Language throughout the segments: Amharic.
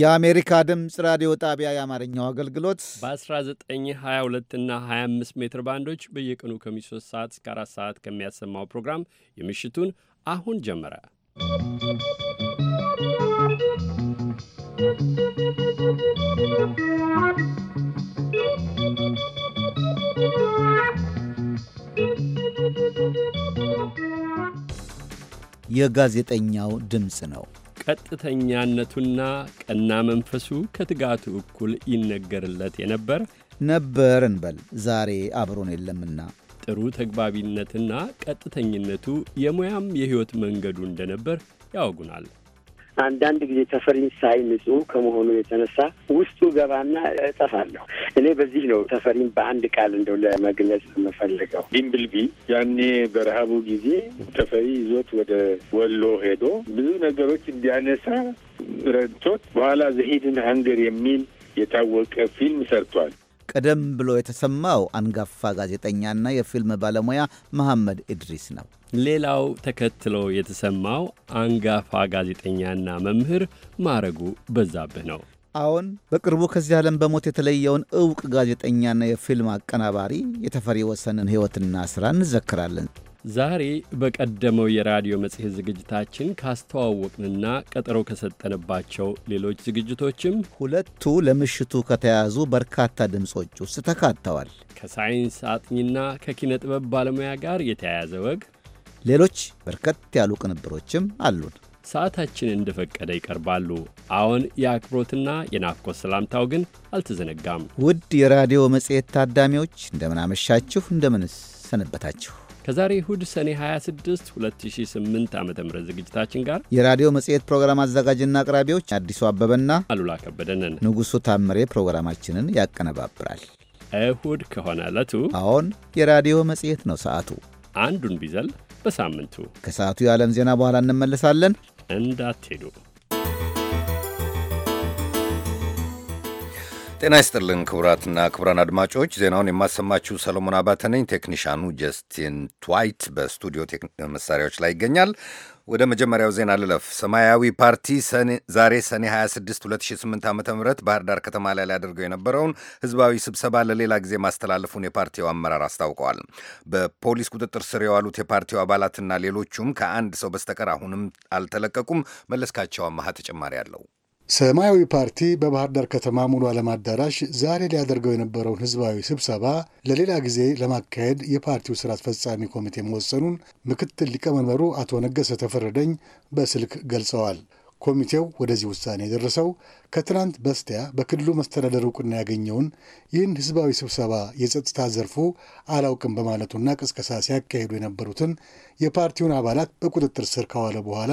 የአሜሪካ ድምፅ ራዲዮ ጣቢያ የአማርኛው አገልግሎት በ1922 እና 25 ሜትር ባንዶች በየቀኑ ከሚ3 ሰዓት እስከ 4 ሰዓት ከሚያሰማው ፕሮግራም የምሽቱን አሁን ጀመረ። የጋዜጠኛው ድምፅ ነው። ቀጥተኛነቱና ቀና መንፈሱ ከትጋቱ እኩል ይነገርለት የነበር ነበር እንበል። ዛሬ አብሮን የለምና ጥሩ ተግባቢነትና ቀጥተኝነቱ የሙያም የሕይወት መንገዱ እንደነበር ያወጉናል። አንዳንድ ጊዜ ተፈሪን ሳይ ንጹህ ከመሆኑ የተነሳ ውስጡ ገባና እጠፋለሁ። እኔ በዚህ ነው ተፈሪን በአንድ ቃል እንደው ለመግለጽ የምፈልገው። ዲምብልቢ ያኔ በረሃቡ ጊዜ ተፈሪ ይዞት ወደ ወሎ ሄዶ ብዙ ነገሮች እንዲያነሳ ረድቶት በኋላ ዘሂድን ሀንገር የሚል የታወቀ ፊልም ሰርቷል። ቀደም ብሎ የተሰማው አንጋፋ ጋዜጠኛና የፊልም ባለሙያ መሐመድ ኢድሪስ ነው። ሌላው ተከትሎ የተሰማው አንጋፋ ጋዜጠኛና መምህር ማረጉ በዛብህ ነው። አሁን በቅርቡ ከዚህ ዓለም በሞት የተለየውን እውቅ ጋዜጠኛና የፊልም አቀናባሪ የተፈሪ ወሰንን ሕይወትና ሥራ እንዘክራለን። ዛሬ በቀደመው የራዲዮ መጽሔት ዝግጅታችን ካስተዋወቅንና ቀጠሮ ከሰጠንባቸው ሌሎች ዝግጅቶችም ሁለቱ ለምሽቱ ከተያዙ በርካታ ድምፆች ውስጥ ተካተዋል። ከሳይንስ አጥኚና ከኪነ ጥበብ ባለሙያ ጋር የተያያዘ ወግ፣ ሌሎች በርከት ያሉ ቅንብሮችም አሉን። ሰዓታችን እንደፈቀደ ይቀርባሉ። አሁን የአክብሮትና የናፍቆት ሰላምታው ግን አልተዘነጋም። ውድ የራዲዮ መጽሔት ታዳሚዎች እንደምናመሻችሁ፣ እንደምንሰነበታችሁ ከዛሬ እሁድ ሰኔ 26 2008 ዓ ም ዝግጅታችን ጋር የራዲዮ መጽሔት ፕሮግራም አዘጋጅና አቅራቢዎች አዲሱ አበበና አሉላ ከበደንን። ንጉሡ ታምሬ ፕሮግራማችንን ያቀነባብራል። እሁድ ከሆነ ዕለቱ አሁን የራዲዮ መጽሔት ነው። ሰዓቱ አንዱን ቢዘል በሳምንቱ ከሰዓቱ የዓለም ዜና በኋላ እንመለሳለን። እንዳትሄዱ። ጤና ይስጥልን ክቡራትና ክቡራን አድማጮች፣ ዜናውን የማሰማችው ሰለሞን አባተ ነኝ። ቴክኒሻኑ ጀስቲን ትዋይት በስቱዲዮ መሳሪያዎች ላይ ይገኛል። ወደ መጀመሪያው ዜና ልለፍ። ሰማያዊ ፓርቲ ዛሬ ሰኔ 26 2008 ዓ ም ባህር ዳር ከተማ ላይ ሊያደርገው የነበረውን ህዝባዊ ስብሰባ ለሌላ ጊዜ ማስተላለፉን የፓርቲው አመራር አስታውቀዋል። በፖሊስ ቁጥጥር ስር የዋሉት የፓርቲው አባላትና ሌሎቹም ከአንድ ሰው በስተቀር አሁንም አልተለቀቁም። መለስካቸው አማሃ ተጨማሪ አለው። ሰማያዊ ፓርቲ በባህር ዳር ከተማ ሙሉ ዓለም አዳራሽ ዛሬ ሊያደርገው የነበረውን ህዝባዊ ስብሰባ ለሌላ ጊዜ ለማካሄድ የፓርቲው ስራ አስፈጻሚ ኮሚቴ መወሰኑን ምክትል ሊቀመንበሩ አቶ ነገሰ ተፈረደኝ በስልክ ገልጸዋል። ኮሚቴው ወደዚህ ውሳኔ የደረሰው ከትናንት በስቲያ በክልሉ መስተዳደር እውቅና ያገኘውን ይህን ህዝባዊ ስብሰባ የጸጥታ ዘርፉ አላውቅም በማለቱና ቅስቀሳ ሲያካሂዱ የነበሩትን የፓርቲውን አባላት በቁጥጥር ስር ከዋለ በኋላ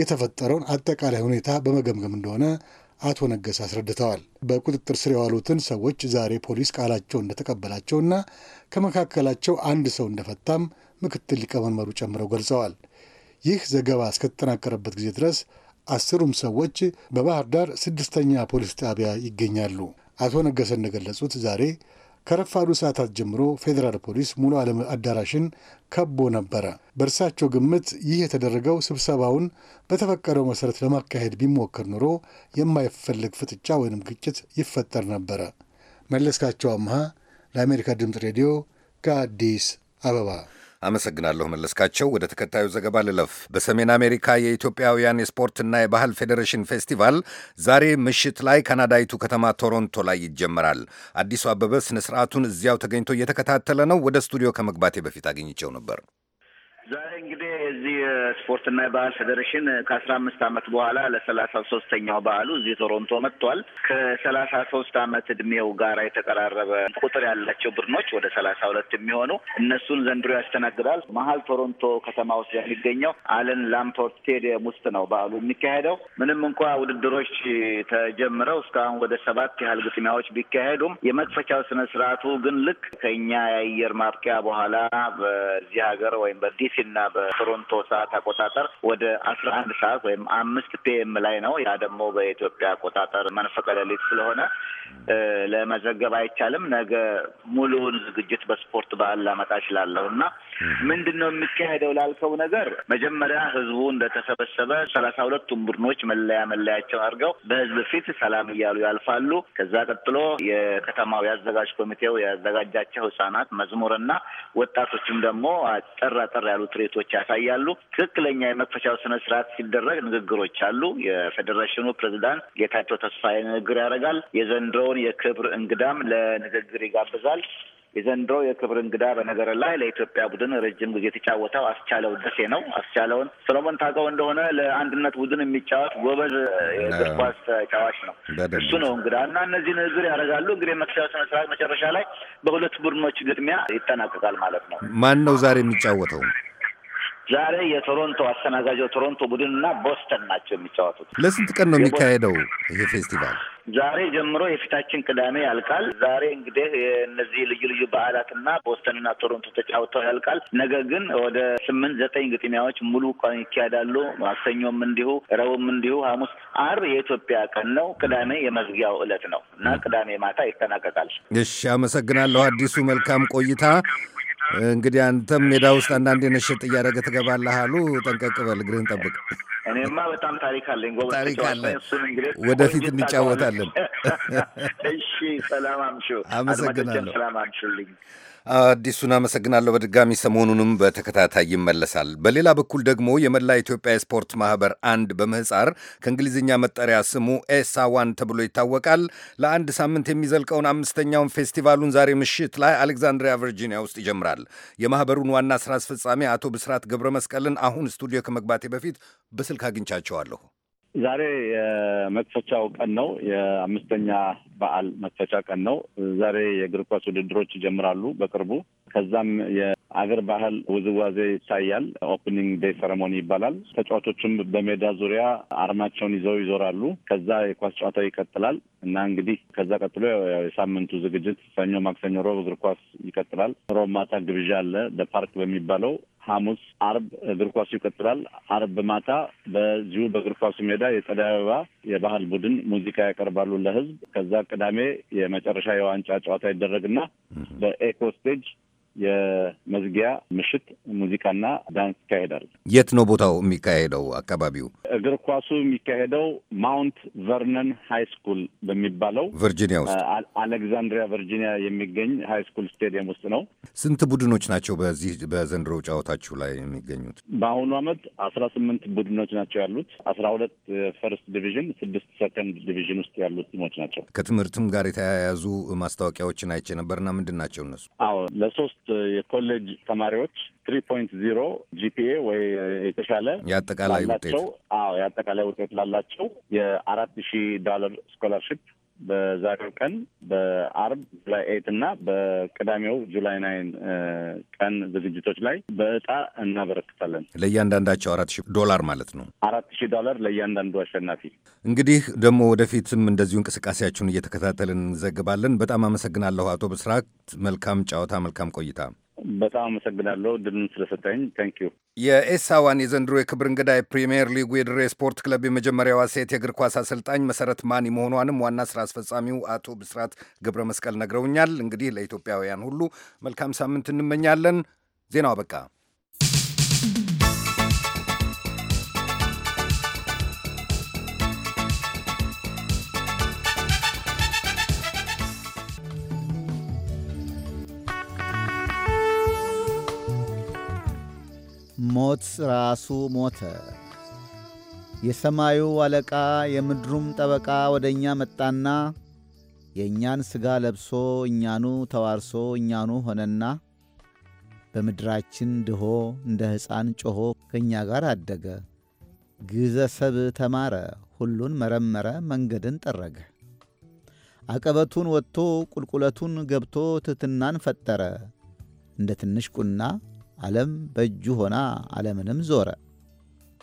የተፈጠረውን አጠቃላይ ሁኔታ በመገምገም እንደሆነ አቶ ነገስ አስረድተዋል። በቁጥጥር ስር የዋሉትን ሰዎች ዛሬ ፖሊስ ቃላቸው እንደተቀበላቸውና ከመካከላቸው አንድ ሰው እንደፈታም ምክትል ሊቀመንበሩ ጨምረው ገልጸዋል። ይህ ዘገባ እስከተጠናቀረበት ጊዜ ድረስ አስሩም ሰዎች በባህር ዳር ስድስተኛ ፖሊስ ጣቢያ ይገኛሉ። አቶ ነገሰ እንደገለጹት ዛሬ ከረፋዱ ሰዓታት ጀምሮ ፌዴራል ፖሊስ ሙሉ ዓለም አዳራሽን ከቦ ነበረ። በእርሳቸው ግምት ይህ የተደረገው ስብሰባውን በተፈቀደው መሠረት ለማካሄድ ቢሞክር ኑሮ የማይፈልግ ፍጥጫ ወይንም ግጭት ይፈጠር ነበረ። መለስካቸው አምሃ ለአሜሪካ ድምፅ ሬዲዮ ከአዲስ አበባ አመሰግናለሁ መለስካቸው። ወደ ተከታዩ ዘገባ ልለፍ። በሰሜን አሜሪካ የኢትዮጵያውያን የስፖርትና የባህል ፌዴሬሽን ፌስቲቫል ዛሬ ምሽት ላይ ካናዳይቱ ከተማ ቶሮንቶ ላይ ይጀመራል። አዲሱ አበበ ስነ ስርዓቱን እዚያው ተገኝቶ እየተከታተለ ነው። ወደ ስቱዲዮ ከመግባቴ በፊት አግኝቸው ነበር። ዛሬ እንግዲህ የዚህ ስፖርትና የባህል ፌዴሬሽን ከአስራ አምስት አመት በኋላ ለሰላሳ ሶስተኛው በዓሉ እዚህ ቶሮንቶ መጥቷል። ከሰላሳ ሶስት አመት እድሜው ጋር የተቀራረበ ቁጥር ያላቸው ቡድኖች ወደ ሰላሳ ሁለት የሚሆኑ እነሱን ዘንድሮ ያስተናግዳል። መሀል ቶሮንቶ ከተማ ውስጥ የሚገኘው አለን ላምፖርት ስቴዲየም ውስጥ ነው በዓሉ የሚካሄደው። ምንም እንኳ ውድድሮች ተጀምረው እስካሁን ወደ ሰባት ያህል ግጥሚያዎች ቢካሄዱም የመክፈቻው ስነ ስርዓቱ ግን ልክ ከኛ የአየር ማብቂያ በኋላ በዚህ ሀገር ወይም በዲሲ እና በቶሮንቶ በቶሮንቶ ሰዓት አቆጣጠር ወደ አስራ አንድ ሰዓት ወይም አምስት ፒኤም ላይ ነው። ያ ደግሞ በኢትዮጵያ አቆጣጠር መንፈቀ ሌሊት ስለሆነ ለመዘገብ አይቻልም። ነገ ሙሉውን ዝግጅት በስፖርት ባህል ላመጣ እችላለሁ እና ምንድን ነው የሚካሄደው ላልከው ነገር መጀመሪያ ህዝቡ እንደተሰበሰበ ሰላሳ ሁለቱም ቡድኖች መለያ መለያቸው አድርገው በህዝብ ፊት ሰላም እያሉ ያልፋሉ። ከዛ ቀጥሎ የከተማው የአዘጋጅ ኮሚቴው ያዘጋጃቸው ህጻናት መዝሙርና ወጣቶችም ደግሞ አጠር አጠር ያሉ ትርኢቶች ያሳያል። ያሉ ትክክለኛ የመክፈቻው ስነ ስርዓት ሲደረግ ንግግሮች አሉ። የፌዴሬሽኑ ፕሬዚዳንት ጌታቸው ተስፋዬ ንግግር ያደርጋል። የዘንድሮውን የክብር እንግዳም ለንግግር ይጋብዛል። የዘንድሮ የክብር እንግዳ በነገር ላይ ለኢትዮጵያ ቡድን ረጅም ጊዜ የተጫወተው አስቻለው ደሴ ነው። አስቻለውን ሰሎሞን ታውቀው እንደሆነ ለአንድነት ቡድን የሚጫወት ጎበዝ የእግር ኳስ ተጫዋች ነው። እሱ ነው እንግዳ እና እነዚህ ንግግር ያደርጋሉ። እንግዲህ የመክፈቻው ስነ ስርዓት መጨረሻ ላይ በሁለት ቡድኖች ግጥሚያ ይጠናቀቃል ማለት ነው። ማን ነው ዛሬ የሚጫወተው? ዛሬ የቶሮንቶ አስተናጋጅ ቶሮንቶ ቡድን እና ቦስተን ናቸው የሚጫወቱት። ለስንት ቀን ነው የሚካሄደው ይሄ ፌስቲቫል? ዛሬ ጀምሮ የፊታችን ቅዳሜ ያልቃል። ዛሬ እንግዲህ እነዚህ ልዩ ልዩ በዓላትና ቦስተንና ቶሮንቶ ተጫውተው ያልቃል። ነገ ግን ወደ ስምንት ዘጠኝ ግጥሚያዎች ሙሉ ቀን ይካሄዳሉ። ማክሰኞም እንዲሁ፣ ረቡም እንዲሁ፣ ሐሙስ፣ አርብ የኢትዮጵያ ቀን ነው። ቅዳሜ የመዝጊያው ዕለት ነው እና ቅዳሜ ማታ ይጠናቀቃል። እሺ፣ አመሰግናለሁ አዲሱ። መልካም ቆይታ እንግዲህ አንተም ሜዳ ውስጥ አንዳንዴ ነሸጥ እያደረገ ትገባለህ አሉ። ጠንቀቅ በል፣ እግርህን ጠብቅ። እኔማ በጣም ታሪክ አለኝ፣ ጎበዝ ታሪክ አለ። ወደፊት እንጫወታለን። እሺ፣ ሰላም አምሹ። አመሰግናለሁ። ሰላም አምሹልኝ። አዲሱን አመሰግናለሁ። በድጋሚ ሰሞኑንም በተከታታይ ይመለሳል። በሌላ በኩል ደግሞ የመላ ኢትዮጵያ የስፖርት ማህበር አንድ በምህፃር ከእንግሊዝኛ መጠሪያ ስሙ ኤሳ ዋን ተብሎ ይታወቃል። ለአንድ ሳምንት የሚዘልቀውን አምስተኛውን ፌስቲቫሉን ዛሬ ምሽት ላይ አሌክዛንድሪያ ቨርጂኒያ ውስጥ ይጀምራል። የማህበሩን ዋና ስራ አስፈጻሚ አቶ ብስራት ገብረ መስቀልን አሁን ስቱዲዮ ከመግባቴ በፊት በስልክ አግኝቻቸዋለሁ። ዛሬ የመክፈቻው ቀን ነው። የአምስተኛ በዓል መክፈቻ ቀን ነው። ዛሬ የእግር ኳስ ውድድሮች ይጀምራሉ በቅርቡ። ከዛም የአገር ባህል ውዝዋዜ ይታያል። ኦፕኒንግ ዴይ ሰረሞኒ ይባላል። ተጫዋቾችም በሜዳ ዙሪያ አርማቸውን ይዘው ይዞራሉ። ከዛ የኳስ ጨዋታ ይቀጥላል እና እንግዲህ ከዛ ቀጥሎ የሳምንቱ ዝግጅት ሰኞ፣ ማክሰኞ፣ ሮብ እግር ኳስ ይቀጥላል። ሮብ ማታ ግብዣ አለ ደፓርክ በሚባለው ሐሙስ፣ አርብ እግር ኳሱ ይቀጥላል። አርብ ማታ በዚሁ በእግር ኳሱ ሜዳ የጸደይ አበባ የባህል ቡድን ሙዚቃ ያቀርባሉ ለህዝብ። ከዛ ቅዳሜ የመጨረሻ የዋንጫ ጨዋታ ይደረግና በኤኮ ስቴጅ የመዝጊያ ምሽት ሙዚቃና ዳንስ ይካሄዳል። የት ነው ቦታው የሚካሄደው? አካባቢው እግር ኳሱ የሚካሄደው ማውንት ቨርነን ሀይ ስኩል በሚባለው ቨርጂኒያ ውስጥ አሌክዛንድሪያ ቨርጂኒያ የሚገኝ ሀይ ስኩል ስቴዲየም ውስጥ ነው። ስንት ቡድኖች ናቸው በዚህ በዘንድሮ ጨዋታችሁ ላይ የሚገኙት? በአሁኑ አመት አስራ ስምንት ቡድኖች ናቸው ያሉት። አስራ ሁለት ፈርስት ዲቪዥን፣ ስድስት ሰከንድ ዲቪዥን ውስጥ ያሉ ቲሞች ናቸው። ከትምህርትም ጋር የተያያዙ ማስታወቂያዎችን አይቼ ነበርና ምንድን ናቸው እነሱ? አዎ ለሶስት የኮሌጅ ተማሪዎች ትሪ ፖይንት ዚሮ ጂፒኤ ወይ የተሻለ የአጠቃላይ ውጤት አዎ የአጠቃላይ ውጤት ላላቸው የአራት ሺህ ዶላር ስኮላርሽፕ በዛሬው ቀን በአርብ ጁላይ ኤት እና በቅዳሜው ጁላይ ናይን ቀን ዝግጅቶች ላይ በእጣ እናበረክታለን። ለእያንዳንዳቸው አራት ሺህ ዶላር ማለት ነው። አራት ሺህ ዶላር ለእያንዳንዱ አሸናፊ። እንግዲህ ደግሞ ወደፊትም እንደዚሁ እንቅስቃሴያችሁን እየተከታተልን እንዘግባለን። በጣም አመሰግናለሁ አቶ ብስራት። መልካም ጨዋታ፣ መልካም ቆይታ። በጣም አመሰግናለሁ ድሉን ስለሰጠኝ ታንኪዩ። የኤሳዋን የዘንድሮ የክብር እንግዳ የፕሪምየር ሊጉ የድሬ ስፖርት ክለብ የመጀመሪያዋ ሴት የእግር ኳስ አሰልጣኝ መሰረት ማኒ መሆኗንም ዋና ስራ አስፈጻሚው አቶ ብስራት ገብረ መስቀል ነግረውኛል። እንግዲህ ለኢትዮጵያውያን ሁሉ መልካም ሳምንት እንመኛለን። ዜናው አበቃ። ሞት ራሱ ሞተ። የሰማዩ አለቃ የምድሩም ጠበቃ ወደ እኛ መጣና የእኛን ሥጋ ለብሶ እኛኑ ተዋርሶ እኛኑ ሆነና በምድራችን ድሆ እንደ ሕፃን ጮኾ ከእኛ ጋር አደገ። ግዘ ሰብ ተማረ፣ ሁሉን መረመረ፣ መንገድን ጠረገ። አቀበቱን ወጥቶ ቁልቁለቱን ገብቶ ትሕትናን ፈጠረ። እንደ ትንሽ ቁና ዓለም በእጁ ሆና ዓለምንም ዞረ።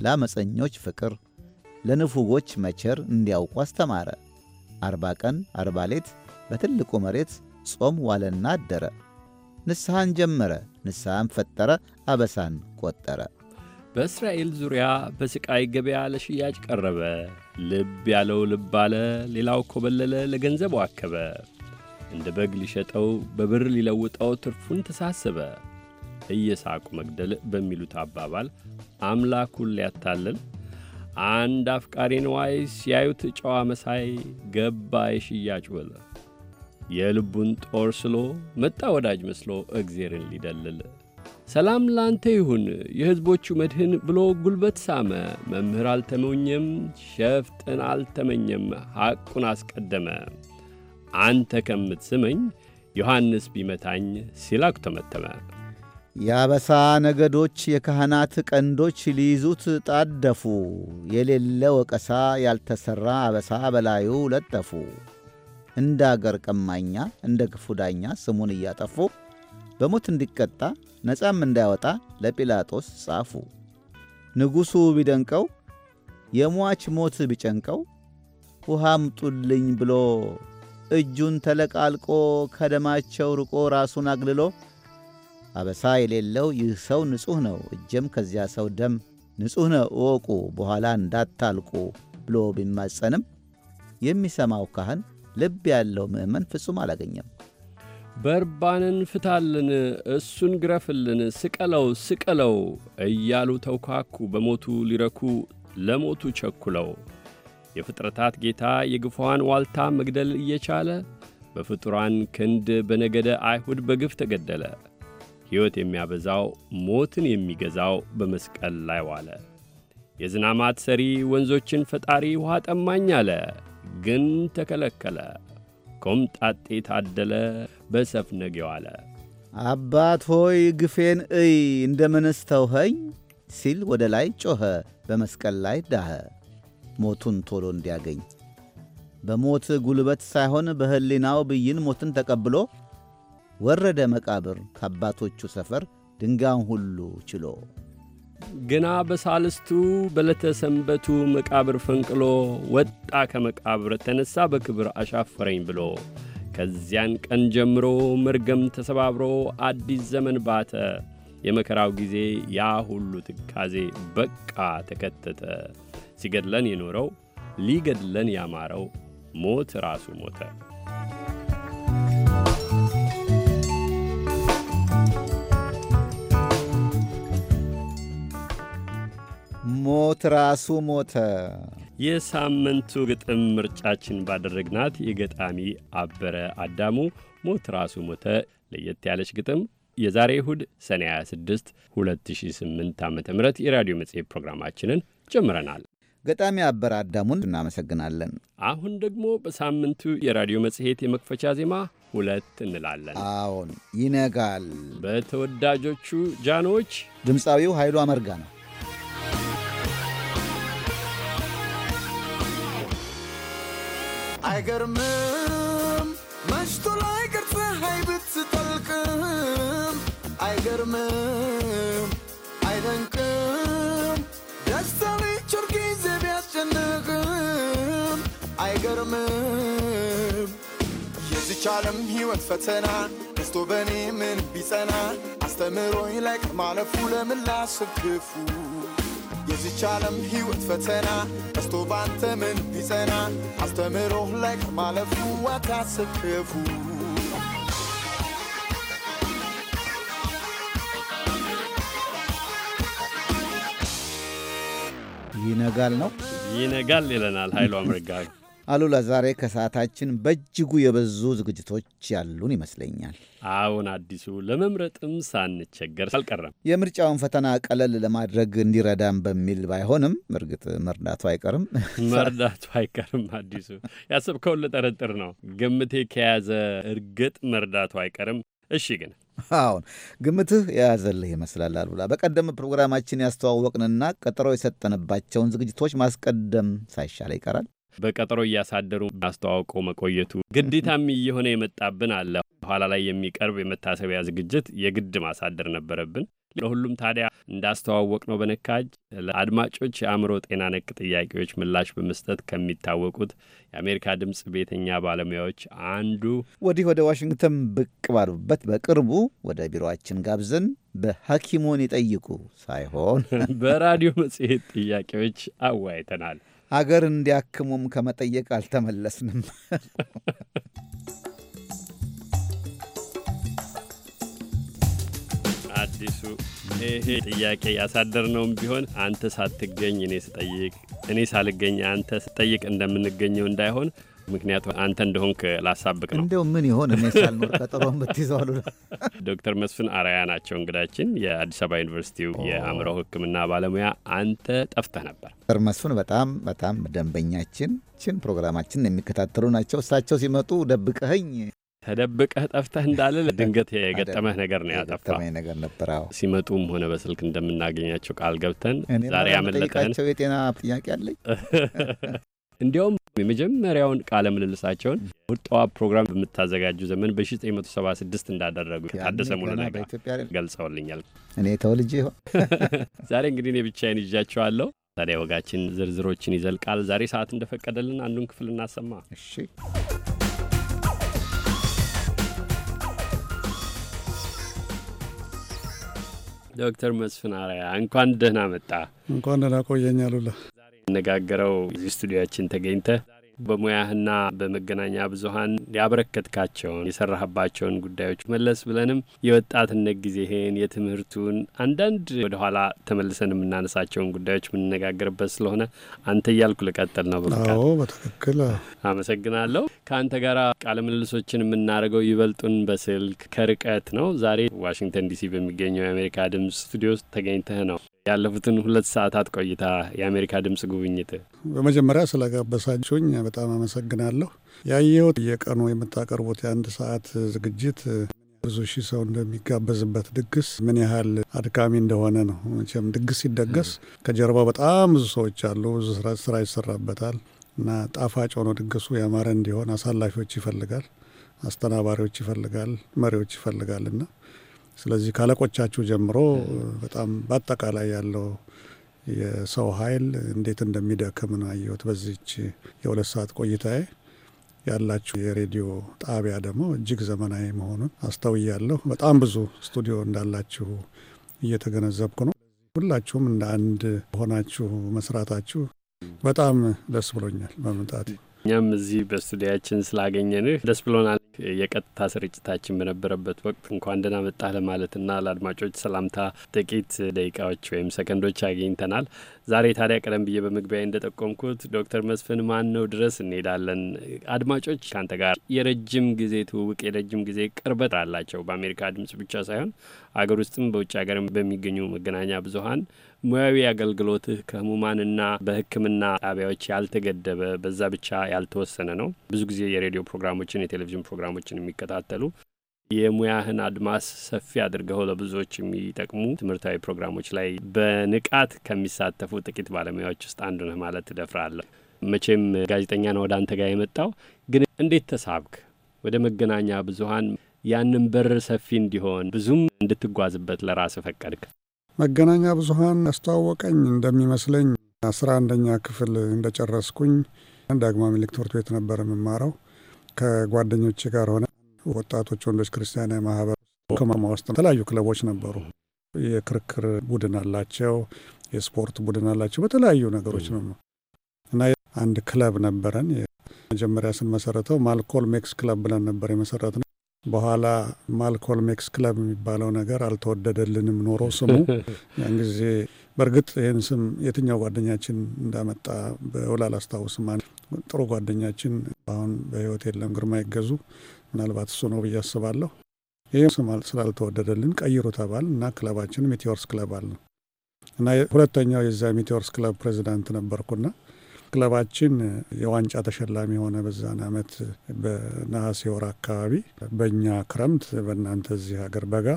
ለአመፀኞች ፍቅር፣ ለንፉጎች መቸር እንዲያውቁ አስተማረ። አርባ ቀን አርባ ሌት በትልቁ መሬት ጾም ዋለና አደረ። ንስሐን ጀመረ፣ ንስሐን ፈጠረ፣ አበሳን ቈጠረ። በእስራኤል ዙሪያ በሥቃይ ገበያ ለሽያጭ ቀረበ። ልብ ያለው ልብ አለ፣ ሌላው ኮበለለ፣ ለገንዘብ ዋከበ። እንደ በግ ሊሸጠው በብር ሊለውጠው ትርፉን ተሳሰበ። እየሳቁ መግደል በሚሉት አባባል አምላኩን ሊያታልል አንድ አፍቃሪን ዋይ ሲያዩት ጨዋ መሳይ ገባ የሽያጭ ውል የልቡን ጦር ስሎ መጣ ወዳጅ መስሎ እግዜርን ሊደልል ሰላም ላንተ ይሁን የሕዝቦቹ መድህን ብሎ ጉልበት ሳመ። መምህር አልተመኘም፣ ሸፍጥን አልተመኘም፣ ሐቁን አስቀደመ። አንተ ከምትስመኝ ዮሐንስ ቢመታኝ ሲላኩ ተመተመ! የአበሳ ነገዶች የካህናት ቀንዶች ሊይዙት ጣደፉ። የሌለ ወቀሳ ያልተሠራ አበሳ በላዩ ለጠፉ። እንደ አገር ቀማኛ እንደ ክፉ ዳኛ ስሙን እያጠፉ በሞት እንዲቀጣ ነፃም እንዳያወጣ ለጲላጦስ ጻፉ። ንጉሡ ቢደንቀው የሟች ሞት ቢጨንቀው ውሃ አምጡልኝ ብሎ እጁን ተለቃልቆ ከደማቸው ርቆ ራሱን አግልሎ አበሳ የሌለው ይህ ሰው ንጹሕ ነው፣ እጀም ከዚያ ሰው ደም ንጹሕ ነው እወቁ፣ በኋላ እንዳታልቁ ብሎ ቢማጸንም የሚሰማው ካህን ልብ ያለው ምእመን ፍጹም አላገኘም። በርባንን ፍታልን፣ እሱን ግረፍልን፣ ስቀለው ስቀለው እያሉ ተውካኩ። በሞቱ ሊረኩ ለሞቱ ቸኩለው የፍጥረታት ጌታ የግፋዋን ዋልታ መግደል እየቻለ በፍጡራን ክንድ በነገደ አይሁድ በግፍ ተገደለ። ሕይወት የሚያበዛው ሞትን የሚገዛው በመስቀል ላይ ዋለ። የዝናማት ሰሪ ወንዞችን ፈጣሪ ውኃ ጠማኝ አለ፣ ግን ተከለከለ። ኮምጣጤ ታደለ በሰፍነግ የዋለ አባት ሆይ ግፌን እይ እንደምንስ ተውኸኝ ሲል ወደ ላይ ጮኸ። በመስቀል ላይ ዳኸ ሞቱን ቶሎ እንዲያገኝ በሞት ጉልበት ሳይሆን በሕሊናው ብይን ሞትን ተቀብሎ ወረደ መቃብር ከአባቶቹ ሰፈር ድንጋን ሁሉ ችሎ ገና በሳልስቱ በለተ ሰንበቱ መቃብር ፈንቅሎ ወጣ ከመቃብር ተነሳ በክብር አሻፈረኝ ብሎ ከዚያን ቀን ጀምሮ መርገም ተሰባብሮ አዲስ ዘመን ባተ የመከራው ጊዜ ያ ሁሉ ትካዜ በቃ ተከተተ ሲገድለን የኖረው ሊገድለን ያማረው ሞት ራሱ ሞተ ሞት ራሱ ሞተ። የሳምንቱ ግጥም ምርጫችን ባደረግናት የገጣሚ አበረ አዳሙ ሞት ራሱ ሞተ ለየት ያለች ግጥም የዛሬ እሁድ ሰኔ 26 2008 ዓ ም የራዲዮ መጽሔት ፕሮግራማችንን ጀምረናል። ገጣሚ አበረ አዳሙን እናመሰግናለን። አሁን ደግሞ በሳምንቱ የራዲዮ መጽሔት የመክፈቻ ዜማ ሁለት እንላለን። አዎን ይነጋል በተወዳጆቹ ጃኖዎች ድምፃዊው ኃይሉ አመርጋ ነው። አይገርምም መሽቶ ላይ ቅርጽ ፀሐይ ብትጠልቅም አይገርምም አይደንቅም ደስታ ሊጭር ጊዜ ቢያስጨንቅም አይገርምም የዚች ዓለም ሕይወት ፈተና በእኔ ምን ቢጸና አስተምሮኝ ለምን ላስብ ክፉ የዚች ዓለም ሕይወት ፈተና እስቶ ባንተ ምን ቢጸና አስተምሮህ ላይ ማለፉ አታስብ ክፉ ይነጋል ነው ይነጋል ይለናል ኃይሉ አምርጋ አሉላ ዛሬ ከሰዓታችን በእጅጉ የበዙ ዝግጅቶች ያሉን ይመስለኛል። አሁን አዲሱ፣ ለመምረጥም ሳንቸገር አልቀረም። የምርጫውን ፈተና ቀለል ለማድረግ እንዲረዳም በሚል ባይሆንም እርግጥ መርዳቱ አይቀርም መርዳቱ አይቀርም። አዲሱ ያሰብከውን ልጠረጥር ነው። ግምቴ ከያዘ እርግጥ መርዳቱ አይቀርም። እሺ ግን አሁን ግምትህ የያዘልህ ይመስላል አሉላ። በቀደም ፕሮግራማችን ያስተዋወቅንና ቀጠሮ የሰጠንባቸውን ዝግጅቶች ማስቀደም ሳይሻለ ይቀራል። በቀጠሮ እያሳደሩ አስተዋውቆ መቆየቱ ግዴታም እየሆነ የመጣብን አለ። በኋላ ላይ የሚቀርብ የመታሰቢያ ዝግጅት የግድ ማሳደር ነበረብን። ለሁሉም ታዲያ እንዳስተዋወቅ ነው በነካጅ ለአድማጮች የአእምሮ ጤና ነክ ጥያቄዎች ምላሽ በመስጠት ከሚታወቁት የአሜሪካ ድምፅ ቤተኛ ባለሙያዎች አንዱ ወዲህ ወደ ዋሽንግተን ብቅ ባሉበት በቅርቡ ወደ ቢሮአችን ጋብዘን በሐኪሞን ይጠይቁ ሳይሆን በራዲዮ መጽሔት ጥያቄዎች አወያይተናል። ሀገር እንዲያክሙም ከመጠየቅ አልተመለስንም። አዲሱ ይሄ ጥያቄ ነውም ቢሆን አንተ ሳትገኝ እኔ ስጠይቅ፣ እኔ ሳልገኝ አንተ ስጠይቅ እንደምንገኘው እንዳይሆን ምክንያቱም አንተ እንደሆንክ ላሳብቅ ነው። እንደው ምን ይሆን እኔ ሳልኖር ቀጠሮን ብትይዘው ዶክተር መስፍን አራያ ናቸው እንግዳችን፣ የአዲስ አበባ ዩኒቨርሲቲው የአእምሮ ሕክምና ባለሙያ። አንተ ጠፍተህ ነበር። ዶክተር መስፍን በጣም በጣም ደንበኛችን ችን ፕሮግራማችን የሚከታተሉ ናቸው። እሳቸው ሲመጡ ደብቀኸኝ ተደብቀህ ጠፍተህ እንዳለ ድንገት የገጠመህ ነገር ነው ያጠፋህ ነገር ነበር። ሲመጡም ሆነ በስልክ እንደምናገኛቸው ቃል ገብተን ዛሬ ያመለጠህን የጤና ጥያቄ አለኝ። እንዲያውም የመጀመሪያውን ቃለ ምልልሳቸውን ውጠዋ ፕሮግራም በምታዘጋጁ ዘመን በ1976 እንዳደረጉ ከታደሰ ሙሉ ገልጸውልኛል። እኔ ተወልጄ ይሆን ዛሬ እንግዲህ እኔ ብቻዬን ይዣቸዋለሁ። ታዲያ ወጋችን ዝርዝሮችን ይዘልቃል። ዛሬ ሰዓት እንደፈቀደልን አንዱን ክፍል እናሰማ። እሺ። ዶክተር መስፍን አርአያ እንኳን ደህና መጣ። እንኳን ደህና ቆየኛ ሉላ። የምንነጋገረው እዚህ ስቱዲያችን ተገኝተ በሙያህና በመገናኛ ብዙኃን ያበረከትካቸውን የሰራህባቸውን ጉዳዮች መለስ ብለንም የወጣትነት ጊዜህን የትምህርቱን አንዳንድ ወደኋላ ተመልሰን የምናነሳቸውን ጉዳዮች የምንነጋገርበት ስለሆነ አንተ እያልኩ ልቀጥል ነው። በቃ በትክክል አመሰግናለሁ። ከአንተ ጋር ቃለ ምልልሶችን የምናደርገው ይበልጡን በስልክ ከርቀት ነው። ዛሬ ዋሽንግተን ዲሲ በሚገኘው የአሜሪካ ድምጽ ስቱዲዮ ውስጥ ተገኝተህ ነው ያለፉትን ሁለት ሰዓታት ቆይታ የአሜሪካ ድምጽ ጉብኝት በመጀመሪያ ስለጋበሳችሁኝ በጣም አመሰግናለሁ። ያየሁት የቀኑ የምታቀርቡት የአንድ ሰዓት ዝግጅት ብዙ ሺህ ሰው እንደሚጋበዝበት ድግስ ምን ያህል አድካሚ እንደሆነ ነው። መቼም ድግስ ሲደገስ ከጀርባው በጣም ብዙ ሰዎች አሉ፣ ብዙ ስራ ይሰራበታል እና ጣፋጭ ሆኖ ድግሱ ያማረ እንዲሆን አሳላፊዎች ይፈልጋል፣ አስተናባሪዎች ይፈልጋል፣ መሪዎች ይፈልጋል እና ስለዚህ ካለቆቻችሁ ጀምሮ በጣም በአጠቃላይ ያለው የሰው ኃይል እንዴት እንደሚደክም ነው ያየሁት በዚች የሁለት ሰዓት ቆይታዬ። ያላችሁ የሬዲዮ ጣቢያ ደግሞ እጅግ ዘመናዊ መሆኑን አስተውያለሁ። በጣም ብዙ ስቱዲዮ እንዳላችሁ እየተገነዘብኩ ነው። ሁላችሁም እንደ አንድ ሆናችሁ መስራታችሁ በጣም ደስ ብሎኛል በመምጣቴ። እኛም እዚህ በስቱዲያችን ስላገኘንህ ደስ ብሎናል። የቀጥታ ስርጭታችን በነበረበት ወቅት እንኳን ደህና መጣህ ለማለትና ለአድማጮች ሰላምታ ጥቂት ደቂቃዎች ወይም ሰከንዶች አግኝተናል። ዛሬ ታዲያ ቀደም ብዬ በመግቢያ እንደጠቆምኩት ዶክተር መስፍን ማን ነው ድረስ እንሄዳለን። አድማጮች ከአንተ ጋር የረጅም ጊዜ ትውውቅ የረጅም ጊዜ ቅርበት አላቸው። በአሜሪካ ድምጽ ብቻ ሳይሆን አገር ውስጥም በውጭ ሀገርም በሚገኙ መገናኛ ብዙሀን ሙያዊ አገልግሎትህ ከህሙማንና በህክምና ጣቢያዎች ያልተገደበ በዛ ብቻ ያልተወሰነ ነው። ብዙ ጊዜ የሬዲዮ ፕሮግራሞችን፣ የቴሌቪዥን ፕሮግራሞችን የሚከታተሉ የሙያህን አድማስ ሰፊ አድርገው ለብዙዎች የሚጠቅሙ ትምህርታዊ ፕሮግራሞች ላይ በንቃት ከሚሳተፉ ጥቂት ባለሙያዎች ውስጥ አንዱ ነህ ማለት ትደፍራለህ። መቼም ጋዜጠኛ ነው ወደ አንተ ጋር የመጣው። ግን እንዴት ተሳብክ ወደ መገናኛ ብዙሀን ያንን በር ሰፊ እንዲሆን ብዙም እንድትጓዝበት ለራስ ፈቀድክ? መገናኛ ብዙሀን አስተዋወቀኝ እንደሚመስለኝ አስራ አንደኛ ክፍል እንደጨረስኩኝ ዳግማዊ ምኒልክ ትምህርት ቤት ነበር የምማረው። ከጓደኞች ጋር ሆነ ወጣቶች ወንዶች ክርስቲያን ማህበር ከማማ ውስጥ የተለያዩ ክለቦች ነበሩ። የክርክር ቡድን አላቸው፣ የስፖርት ቡድን አላቸው፣ በተለያዩ ነገሮች ነው እና አንድ ክለብ ነበረን። መጀመሪያ ስንመሰረተው ማልኮል ሜክስ ክለብ ብለን ነበር የመሰረት ነው። በኋላ ማልኮል ኤክስ ክለብ የሚባለው ነገር አልተወደደልንም ኖሮ ስሙ ያን ጊዜ በእርግጥ ይህን ስም የትኛው ጓደኛችን እንዳመጣ በውል አላስታውስም። ጥሩ ጓደኛችን አሁን በህይወት የለም፣ ግርማ ይገዙ፣ ምናልባት እሱ ነው ብዬ አስባለሁ። ይህ ስም ስላልተወደደልን ቀይሩ ተባል እና ክለባችን ሚቴዎርስ ክለብ ነው እና ሁለተኛው የዛ ሚቴዎርስ ክለብ ፕሬዚዳንት ነበርኩና ክለባችን የዋንጫ ተሸላሚ የሆነ በዛን አመት በነሐሴ ወር አካባቢ በእኛ ክረምት በእናንተ እዚህ ሀገር በጋ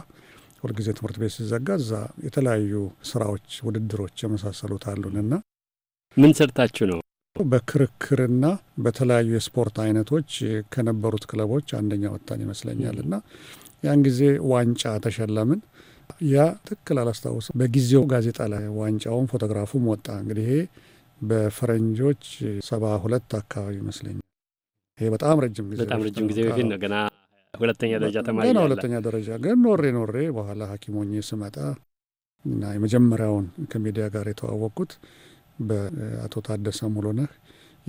ሁልጊዜ ትምህርት ቤት ሲዘጋ እዛ የተለያዩ ስራዎች፣ ውድድሮች የመሳሰሉት አሉንና ምን ሰርታችሁ ነው? በክርክርና በተለያዩ የስፖርት አይነቶች ከነበሩት ክለቦች አንደኛ ወጣን ይመስለኛልና ያን ጊዜ ዋንጫ ተሸለምን። ያ ትክክል አላስታውስም። በጊዜው ጋዜጣ ላይ ዋንጫውን ፎቶግራፉም ወጣ። እንግዲህ ይሄ በፈረንጆች ሰባ ሁለት አካባቢ ይመስለኛል። ይሄ በጣም ረጅም ጊዜ በጣም ረጅም ጊዜ በፊት ነው። ገና ሁለተኛ ደረጃ ተማሪ ገና ሁለተኛ ደረጃ ግን ኖሬ ኖሬ በኋላ ሐኪም ስመጣ እና የመጀመሪያውን ከሚዲያ ጋር የተዋወቅኩት በአቶ ታደሰ ሙሉነህ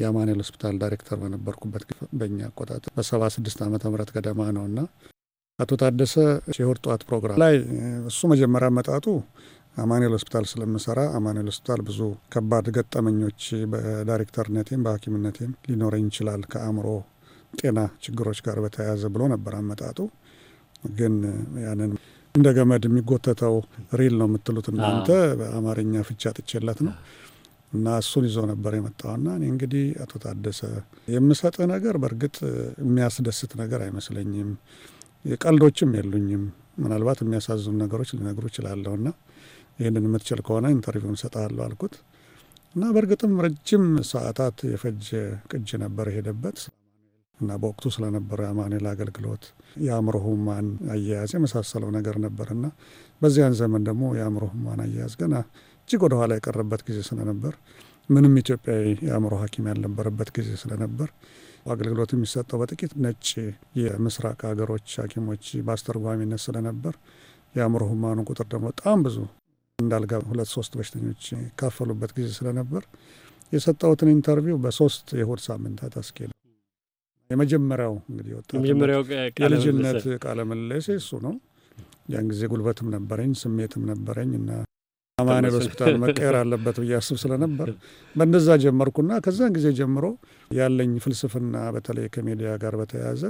የአማኑኤል ሆስፒታል ዳይሬክተር በነበርኩበት በእኛ አቆጣጠር በሰባ ስድስት ዓመተ ምህረት ገደማ ነው እና አቶ ታደሰ የእሁድ ጠዋት ፕሮግራም ላይ እሱ መጀመሪያ መጣቱ አማኑኤል ሆስፒታል ስለምሰራ አማኑኤል ሆስፒታል ብዙ ከባድ ገጠመኞች በዳይሬክተርነቴም በሐኪምነቴም ሊኖረኝ ይችላል ከአእምሮ ጤና ችግሮች ጋር በተያያዘ ብሎ ነበር አመጣጡ። ግን ያንን እንደ ገመድ የሚጎተተው ሪል ነው የምትሉት እናንተ በአማርኛ ፍቻ ጥቼለት ነው እና እሱን ይዞ ነበር የመጣውና እኔ እንግዲህ አቶ ታደሰ የምሰጥ ነገር በእርግጥ የሚያስደስት ነገር አይመስለኝም። ቀልዶችም የሉኝም። ምናልባት የሚያሳዝኑ ነገሮች ሊነግሩ እችላለሁና ይህንን የምትችል ከሆነ ኢንተርቪውን ሰጥሃለሁ አልኩት እና በእርግጥም ረጅም ሰዓታት የፈጀ ቅጅ ነበር የሄደበት እና በወቅቱ ስለነበረ አማኑኤል አገልግሎት የአእምሮ ህሙማን አያያዝ የመሳሰለው ነገር ነበርና በዚያን ዘመን ደግሞ የአእምሮ ህሙማን አያያዝ ገና እጅግ ወደኋላ የቀረበት ጊዜ ስለነበር ምንም ኢትዮጵያዊ የአእምሮ ሐኪም ያልነበረበት ጊዜ ስለነበር አገልግሎት የሚሰጠው በጥቂት ነጭ የምስራቅ ሀገሮች ሐኪሞች በአስተርጓሚነት ስለነበር የአእምሮ ህሙማኑ ቁጥር ደግሞ በጣም ብዙ እንዳልጋ ሁለት ሶስት በሽተኞች የካፈሉበት ጊዜ ስለነበር የሰጠሁትን ኢንተርቪው በሶስት የሆድ ሳምንታት አስኬድ የመጀመሪያው እንግዲህ ወጣት የልጅነት ቃለ ምልልሴ እሱ ነው። ያን ጊዜ ጉልበትም ነበረኝ ስሜትም ነበረኝ እና አማኔ በሆስፒታል መቀየር አለበት ብዬ አስብ ስለነበር በእንደዛ ጀመርኩና ከዛን ጊዜ ጀምሮ ያለኝ ፍልስፍና በተለይ ከሚዲያ ጋር በተያያዘ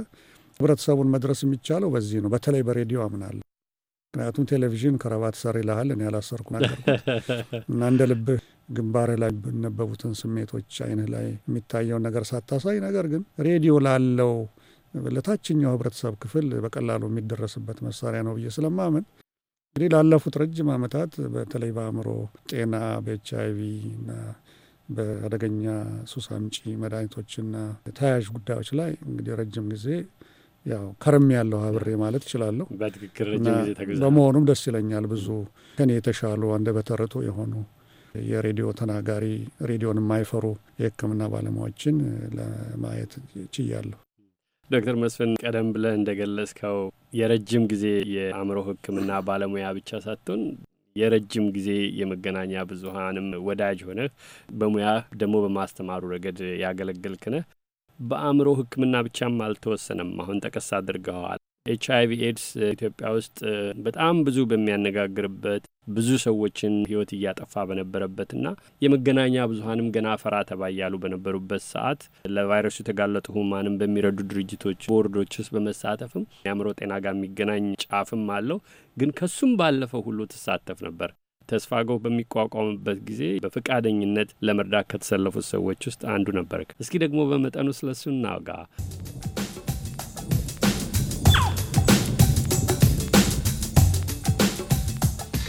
ህብረተሰቡን መድረስ የሚቻለው በዚህ ነው። በተለይ በሬዲዮ አምናለሁ። ምክንያቱም ቴሌቪዥን ከረባት ሰር ይልሃል። እኔ ያላሰርኩ ነገር እና እንደ ልብህ ግንባርህ ላይ ብነበቡትን ስሜቶች አይንህ ላይ የሚታየውን ነገር ሳታሳይ፣ ነገር ግን ሬዲዮ ላለው ለታችኛው ህብረተሰብ ክፍል በቀላሉ የሚደረስበት መሳሪያ ነው ብዬ ስለማምን እንግዲህ ላለፉት ረጅም ዓመታት በተለይ በአእምሮ ጤና በኤች አይቪ እና በአደገኛ ሱስ አምጪ መድኃኒቶችና ተያያዥ ጉዳዮች ላይ እንግዲህ ረጅም ጊዜ ያው ከርም ያለው አብሬ ማለት እችላለሁ። በመሆኑም ደስ ይለኛል። ብዙ ከኔ የተሻሉ አንደበተ ርቱዕ የሆኑ የሬዲዮ ተናጋሪ ሬዲዮን የማይፈሩ የሕክምና ባለሙያዎችን ለማየት ችያለሁ። ዶክተር መስፍን ቀደም ብለህ እንደገለጽከው የረጅም ጊዜ የአእምሮ ሕክምና ባለሙያ ብቻ ሳትሆን የረጅም ጊዜ የመገናኛ ብዙሀንም ወዳጅ ሆነህ በሙያ ደግሞ በማስተማሩ ረገድ ያገለገልክ ነህ። በአእምሮ ሕክምና ብቻም አልተወሰነም። አሁን ጠቀስ አድርገዋል። ኤች ቪ ኤድስ ኢትዮጵያ ውስጥ በጣም ብዙ በሚያነጋግርበት ብዙ ሰዎችን ህይወት እያጠፋ በነበረበትና የመገናኛ ብዙሀንም ገና ፈራ ተባ በነበሩበት ሰዓት ለቫይረሱ የተጋለጡ ህሙማንም በሚረዱ ድርጅቶች፣ ቦርዶች ውስጥ በመሳተፍም የአእምሮ ጤና ጋር የሚገናኝ ጫፍም አለው። ግን ከሱም ባለፈው ሁሉ ትሳተፍ ነበር። ተስፋጎህ በሚቋቋምበት ጊዜ በፈቃደኝነት ለመርዳት ከተሰለፉት ሰዎች ውስጥ አንዱ ነበር። እስኪ ደግሞ በመጠኑ ስለሱ እናውጋ።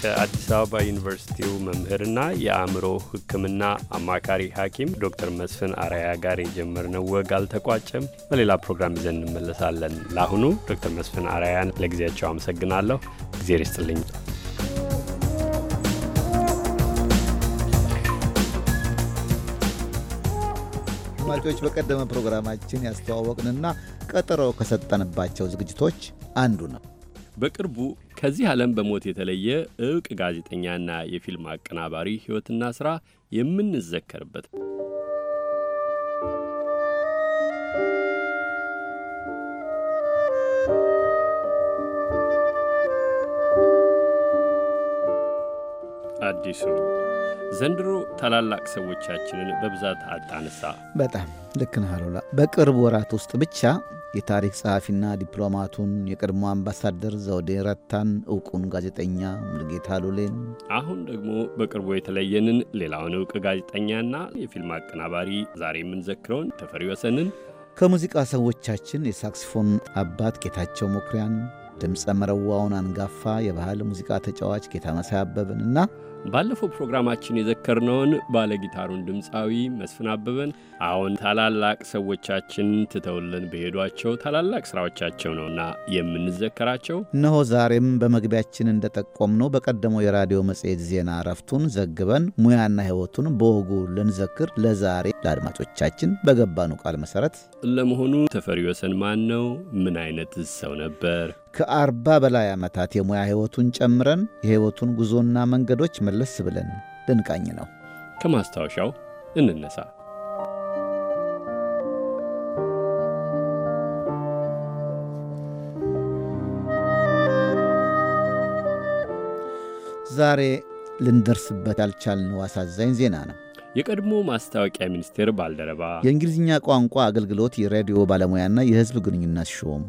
ከአዲስ አበባ ዩኒቨርሲቲው መምህርና የአእምሮ ሕክምና አማካሪ ሐኪም ዶክተር መስፍን አራያ ጋር የጀመርነው ወግ አልተቋጨም። በሌላ ፕሮግራም ይዘን እንመለሳለን። ለአሁኑ ዶክተር መስፍን አራያን ለጊዜያቸው አመሰግናለሁ። እግዜር ይስጥልኝ። አድማጮች በቀደመ ፕሮግራማችን ያስተዋወቅንና ቀጠሮ ከሰጠንባቸው ዝግጅቶች አንዱ ነው። በቅርቡ ከዚህ ዓለም በሞት የተለየ እውቅ ጋዜጠኛና የፊልም አቀናባሪ ሕይወትና ሥራ የምንዘከርበት አዲሱ ዘንድሮ ታላላቅ ሰዎቻችንን በብዛት አጣንሳ። በጣም ልክ ነህ አሉላ። በቅርብ ወራት ውስጥ ብቻ የታሪክ ጸሐፊና ዲፕሎማቱን የቀድሞ አምባሳደር ዘውዴ ረታን፣ እውቁን ጋዜጠኛ ሙልጌታ ሉሌን፣ አሁን ደግሞ በቅርቡ የተለየንን ሌላውን እውቅ ጋዜጠኛና የፊልም አቀናባሪ ዛሬ የምንዘክረውን ተፈሪ ወሰንን፣ ከሙዚቃ ሰዎቻችን የሳክስፎን አባት ጌታቸው መኩሪያን፣ ድምፀ መረዋውን አንጋፋ የባህል ሙዚቃ ተጫዋች ጌታ መሳይ አበብን እና ባለፈው ፕሮግራማችን የዘከርነውን ባለጊታሩን ድምፃዊ መስፍን አበበን አሁን ታላላቅ ሰዎቻችን ትተውልን በሄዷቸው ታላላቅ ሥራዎቻቸው ነውና የምንዘከራቸው። እነሆ ዛሬም በመግቢያችን እንደጠቆምነው በቀደመው የራዲዮ መጽሔት ዜና እረፍቱን ዘግበን ሙያና ሕይወቱን በወጉ ልንዘክር ለዛሬ ለአድማጮቻችን በገባኑ ቃል መሠረት ለመሆኑ ተፈሪ ወሰን ማን ነው? ምን አይነት ሰው ነበር? ከአርባ በላይ ዓመታት የሙያ ሕይወቱን ጨምረን የሕይወቱን ጉዞና መንገዶች መለስ ብለን ልንቃኝ ነው። ከማስታወሻው እንነሳ። ዛሬ ልንደርስበት ያልቻልነው አሳዛኝ ዜና ነው። የቀድሞ ማስታወቂያ ሚኒስቴር ባልደረባ፣ የእንግሊዝኛ ቋንቋ አገልግሎት የሬዲዮ ባለሙያና የሕዝብ ግንኙነት ሾም!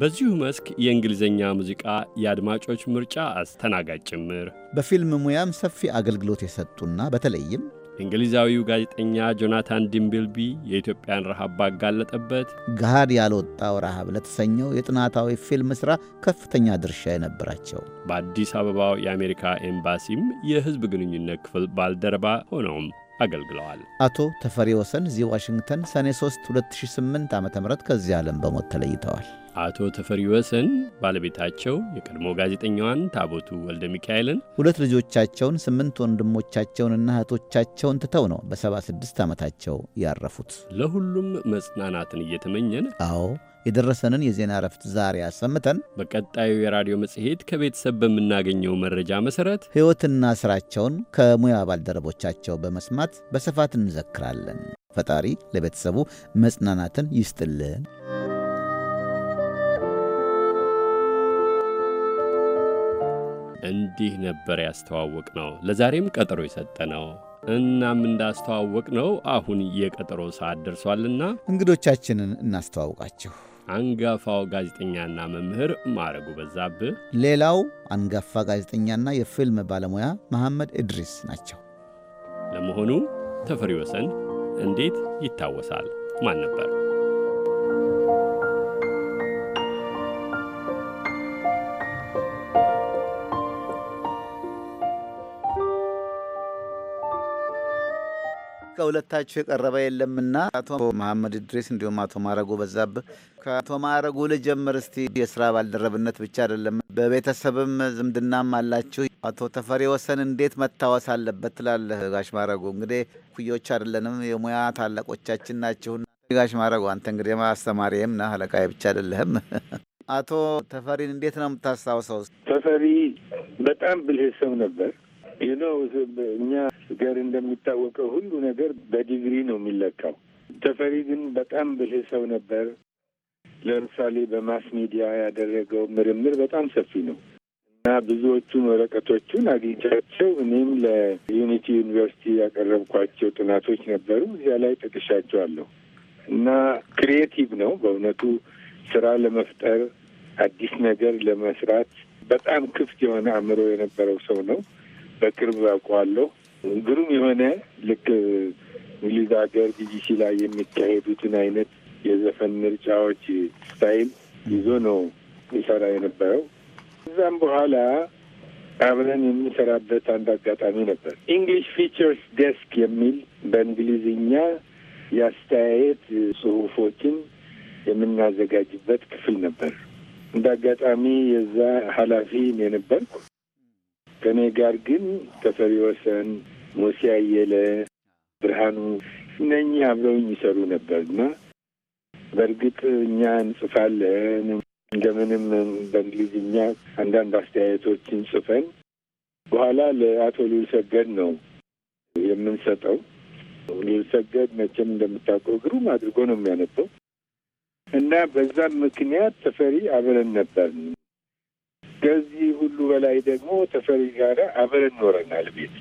በዚሁ መስክ የእንግሊዝኛ ሙዚቃ የአድማጮች ምርጫ አስተናጋጅ ጭምር በፊልም ሙያም ሰፊ አገልግሎት የሰጡና በተለይም እንግሊዛዊው ጋዜጠኛ ጆናታን ዲምብልቢ የኢትዮጵያን ረሃብ ባጋለጠበት ገሃድ ያልወጣው ረሃብ ለተሰኘው የጥናታዊ ፊልም ሥራ ከፍተኛ ድርሻ የነበራቸው በአዲስ አበባው የአሜሪካ ኤምባሲም የሕዝብ ግንኙነት ክፍል ባልደረባ ሆነውም አገልግለዋል። አቶ ተፈሪ ወሰን እዚህ ዋሽንግተን ሰኔ 3 2008 ዓ ም ከዚህ ዓለም በሞት ተለይተዋል። አቶ ተፈሪ ወሰን ባለቤታቸው የቀድሞ ጋዜጠኛዋን ታቦቱ ወልደ ሚካኤልን ሁለት ልጆቻቸውን ስምንት ወንድሞቻቸውንና እህቶቻቸውን ትተው ነው በ76 ዓመታቸው ያረፉት። ለሁሉም መጽናናትን እየተመኘን አዎ የደረሰንን የዜና ረፍት ዛሬ አሰምተን በቀጣዩ የራዲዮ መጽሔት ከቤተሰብ በምናገኘው መረጃ መሠረት ሕይወትና ሥራቸውን ከሙያ ባልደረቦቻቸው በመስማት በስፋት እንዘክራለን። ፈጣሪ ለቤተሰቡ መጽናናትን ይስጥልን። እንዲህ ነበር ያስተዋወቅ ነው ለዛሬም ቀጠሮ የሰጠ ነው። እናም እንዳስተዋወቅ ነው አሁን የቀጠሮ ሰዓት ደርሷልና እንግዶቻችንን እናስተዋውቃችሁ። አንጋፋው ጋዜጠኛና መምህር ማረጉ በዛብህ፣ ሌላው አንጋፋ ጋዜጠኛና የፊልም ባለሙያ መሐመድ እድሪስ ናቸው። ለመሆኑ ተፈሪ ወሰን እንዴት ይታወሳል? ማን ነበር? ከሁለታችሁ የቀረበ የለምና አቶ መሐመድ ድሬስ እንዲሁም አቶ ማረጉ በዛብህ ከአቶ ማረጉ ልጀምር እስቲ። የስራ ባልደረብነት ብቻ አይደለም፣ በቤተሰብም ዝምድናም አላችሁ። አቶ ተፈሪ ወሰን እንዴት መታወስ አለበት ትላለህ? ጋሽ ማረጉ እንግዲህ ኩዮች አይደለንም፣ የሙያ ታላቆቻችን ናችሁና። ጋሽ ማረጉ አንተ እንግዲህ ማስተማሪም ና አለቃ ብቻ አይደለህም። አቶ ተፈሪን እንዴት ነው የምታስታውሰው? ተፈሪ በጣም ብልህ ሰው ነበር። ይነው እኛ ገር እንደሚታወቀው ሁሉ ነገር በዲግሪ ነው የሚለካው። ተፈሪ ግን በጣም ብልህ ሰው ነበር። ለምሳሌ በማስ ሚዲያ ያደረገው ምርምር በጣም ሰፊ ነው እና ብዙዎቹን ወረቀቶቹን አግኝቻቸው እኔም ለዩኒቲ ዩኒቨርሲቲ ያቀረብኳቸው ጥናቶች ነበሩ። እዚያ ላይ ጠቅሻቸዋለሁ እና ክሪኤቲቭ ነው በእውነቱ ስራ ለመፍጠር አዲስ ነገር ለመስራት በጣም ክፍት የሆነ አእምሮ የነበረው ሰው ነው። በቅርብ ያውቀዋለሁ። ግሩም የሆነ ልክ እንግሊዝ ሀገር ቢቢሲ ላይ የሚካሄዱትን አይነት የዘፈን ምርጫዎች ስታይል ይዞ ነው ይሰራ የነበረው። ከዛም በኋላ አብረን የምንሰራበት አንድ አጋጣሚ ነበር። ኢንግሊሽ ፊቸርስ ዴስክ የሚል በእንግሊዝኛ የአስተያየት ጽሁፎችን የምናዘጋጅበት ክፍል ነበር። እንደ አጋጣሚ የዛ ኃላፊ እኔ ነበርኩ። ከእኔ ጋር ግን ተፈሪ ወሰን፣ ሞሴ አየለ፣ ብርሃኑ እነኚህ አብረውኝ ይሰሩ ነበርና በእርግጥ እኛ እንጽፋለን እንደምንም በእንግሊዝኛ አንዳንድ አስተያየቶችን ጽፈን በኋላ ለአቶ ልዑልሰገድ ነው የምንሰጠው። ልዑልሰገድ መቼም እንደምታውቀው ግሩም አድርጎ ነው የሚያነበው እና በዛም ምክንያት ተፈሪ አብረን ነበር። ከዚህ ሁሉ በላይ ደግሞ ተፈሪ ጋር አብረን ኖረናል ቤት።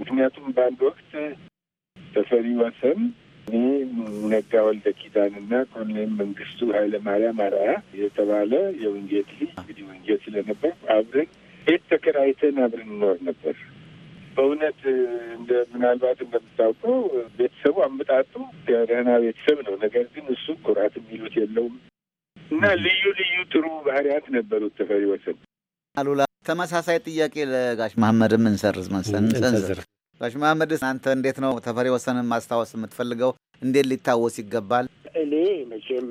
ምክንያቱም በአንድ ወቅት ተፈሪ ወሰን እኔ ነጋ ወልደ ኪዳንና ኮሎኔል መንግስቱ ማርያም አርአያ የተባለ የወንጌት ልጅ እንግዲህ ወንጌል ስለነበር አብረን ቤት ተከራይተን አብረን እንኖር ነበር። በእውነት እንደ ምናልባት እንደምታውቀው ቤተሰቡ አመጣጡ ደህና ቤተሰብ ነው። ነገር ግን እሱ ኩራት የሚሉት የለውም። እና ልዩ ልዩ ጥሩ ባህሪያት ነበሩት ተፈሪ ወሰን። አሉላ ተመሳሳይ ጥያቄ ለጋሽ መሐመድም እንሰርዝ መንሰንሰንዝር ጋሽ መሐመድ አንተ እንዴት ነው ተፈሪ ወሰንን ማስታወስ የምትፈልገው? እንዴት ሊታወስ ይገባል? እኔ መቼም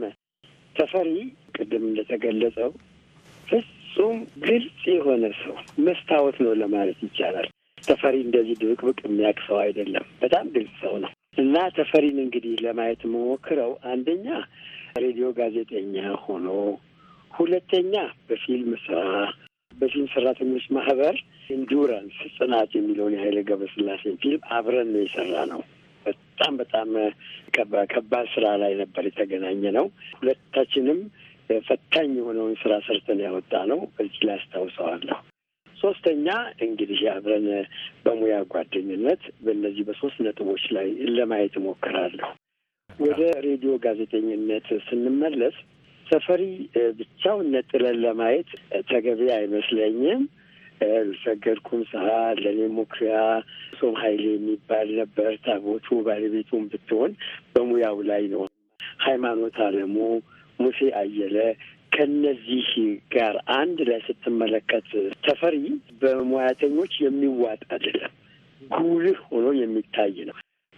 ተፈሪ ቅድም እንደተገለጸው ፍጹም ግልጽ የሆነ ሰው መስታወት ነው ለማለት ይቻላል። ተፈሪ እንደዚህ ድብቅብቅ የሚያውቅ ሰው አይደለም። በጣም ግልጽ ሰው ነው እና ተፈሪን እንግዲህ ለማየት መሞክረው አንደኛ ሬዲዮ ጋዜጠኛ ሆኖ ሁለተኛ በፊልም ስራ በፊልም ሰራተኞች ማህበር ኢንዱራንስ ጽናት የሚለውን የኃይለ ገብረስላሴን ፊልም አብረን ነው የሰራ ነው። በጣም በጣም ከባድ ስራ ላይ ነበር የተገናኘ ነው። ሁለታችንም ፈታኝ የሆነውን ስራ ሰርተን ያወጣ ነው። በዚህ ላይ አስታውሰዋለሁ። ሶስተኛ እንግዲህ አብረን በሙያ ጓደኝነት በእነዚህ በሶስት ነጥቦች ላይ ለማየት እሞክራለሁ። ወደ ሬዲዮ ጋዜጠኝነት ስንመለስ ሰፈሪ ብቻውን ነጥለን ለማየት ተገቢ አይመስለኝም። ሰገድ ኩምሰሃ፣ ለኔ ሙክሪያ፣ ሶም ሀይሌ የሚባል ነበር። ታቦቹ ባለቤቱን ብትሆን በሙያው ላይ ነው። ሃይማኖት አለሙ፣ ሙሴ አየለ ከነዚህ ጋር አንድ ላይ ስትመለከት ተፈሪ በሙያተኞች የሚዋጥ አይደለም፣ ጉልህ ሆኖ የሚታይ ነው።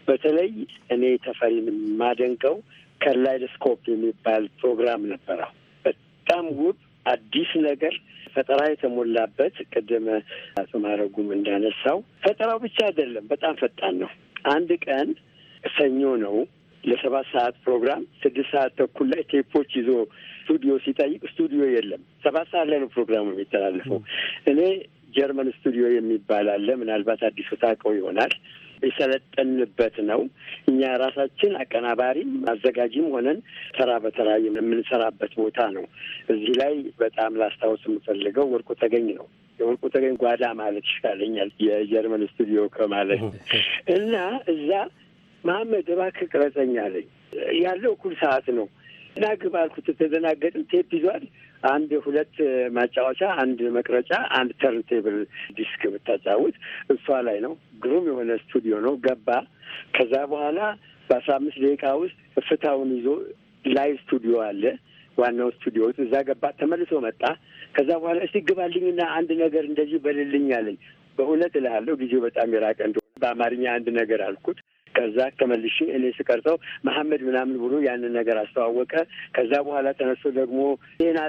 በተለይ እኔ ተፈሪን የማደንቀው ከላይደስኮፕ የሚባል ፕሮግራም ነበረ። በጣም ውብ አዲስ ነገር ፈጠራ የተሞላበት ቅድመ አቶ ማረጉም እንዳነሳው ፈጠራው ብቻ አይደለም፣ በጣም ፈጣን ነው። አንድ ቀን ሰኞ ነው ለሰባት ሰዓት ፕሮግራም ስድስት ሰዓት ተኩል ላይ ቴፖች ይዞ ስቱዲዮ ሲጠይቅ ስቱዲዮ የለም። ሰባት ሰዓት ላይ ነው ፕሮግራሙ የሚተላለፈው። እኔ ጀርመን ስቱዲዮ የሚባል አለ፣ ምናልባት አዲሱ ታውቀው ይሆናል የሰለጠንበት ነው። እኛ ራሳችን አቀናባሪም አዘጋጅም ሆነን ተራ በተራ የምንሰራበት ቦታ ነው። እዚህ ላይ በጣም ላስታውስ የምፈልገው ወርቁ ተገኝ ነው። የወርቁ ተገኝ ጓዳ ማለት ይሻለኛል፣ የጀርመን ስቱዲዮ ከማለት እና እዛ መሐመድ እባክህ ቅረጸኝ አለኝ። ያለው እኩል ሰዓት ነው እና ግብ አልኩት። ተደናገጥን። ቴፕ ይዟል አንድ ሁለት ማጫወቻ፣ አንድ መቅረጫ፣ አንድ ተርን ቴብል ዲስክ የምታጫውት እሷ ላይ ነው። ግሩም የሆነ ስቱዲዮ ነው። ገባ። ከዛ በኋላ በአስራ አምስት ደቂቃ ውስጥ ፍታውን ይዞ ላይ ስቱዲዮ አለ። ዋናው ስቱዲዮ እዛ ገባ። ተመልሶ መጣ። ከዛ በኋላ እስቲ ግባልኝና አንድ ነገር እንደዚህ በልልኝ አለኝ። በእውነት እልሃለሁ ጊዜው በጣም የራቀ እንደሆነ በአማርኛ አንድ ነገር አልኩት። ከዛ ከመልሼ እኔ ስቀርጸው መሐመድ ምናምን ብሎ ያንን ነገር አስተዋወቀ። ከዛ በኋላ ተነስቶ ደግሞ ዜና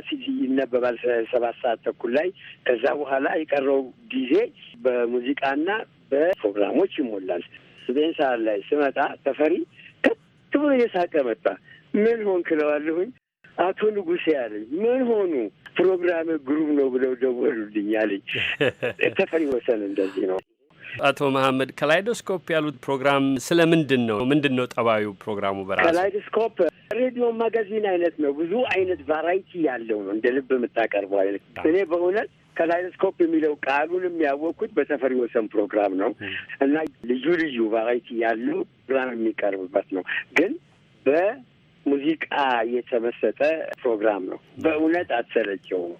ይነበባል ሰባት ሰዓት ተኩል ላይ። ከዛ በኋላ የቀረው ጊዜ በሙዚቃና በፕሮግራሞች ይሞላል። ዘጠኝ ሰዓት ላይ ስመጣ ተፈሪ ከት ብሎ እየሳቀ መጣ። ምን ሆን ክለዋለሁኝ አቶ ንጉሴ አለኝ። ምን ሆኑ? ፕሮግራም ግሩም ነው ብለው ደወሉልኝ አለኝ። ተፈሪ ወሰን እንደዚህ ነው። አቶ መሀመድ ከላይዶስኮፕ ያሉት ፕሮግራም ምንድን ነው? ምንድን ነው ጠባዩ ፕሮግራሙ በራሱ? ከላይዶስኮፕ ሬዲዮ ማጋዚን አይነት ነው። ብዙ አይነት ቫራይቲ ያለው ነው። እንደ ልብ የምታቀርበው አይነት እኔ በእውነት ከላይዶስኮፕ የሚለው ቃሉን የሚያወቅኩት በሰፈሪ ወሰን ፕሮግራም ነው እና ልዩ ልዩ ቫራይቲ ያለው ፕሮግራም የሚቀርብበት ነው ግን በሙዚቃ የተመሰጠ ፕሮግራም ነው። በእውነት አትሰለቸውም።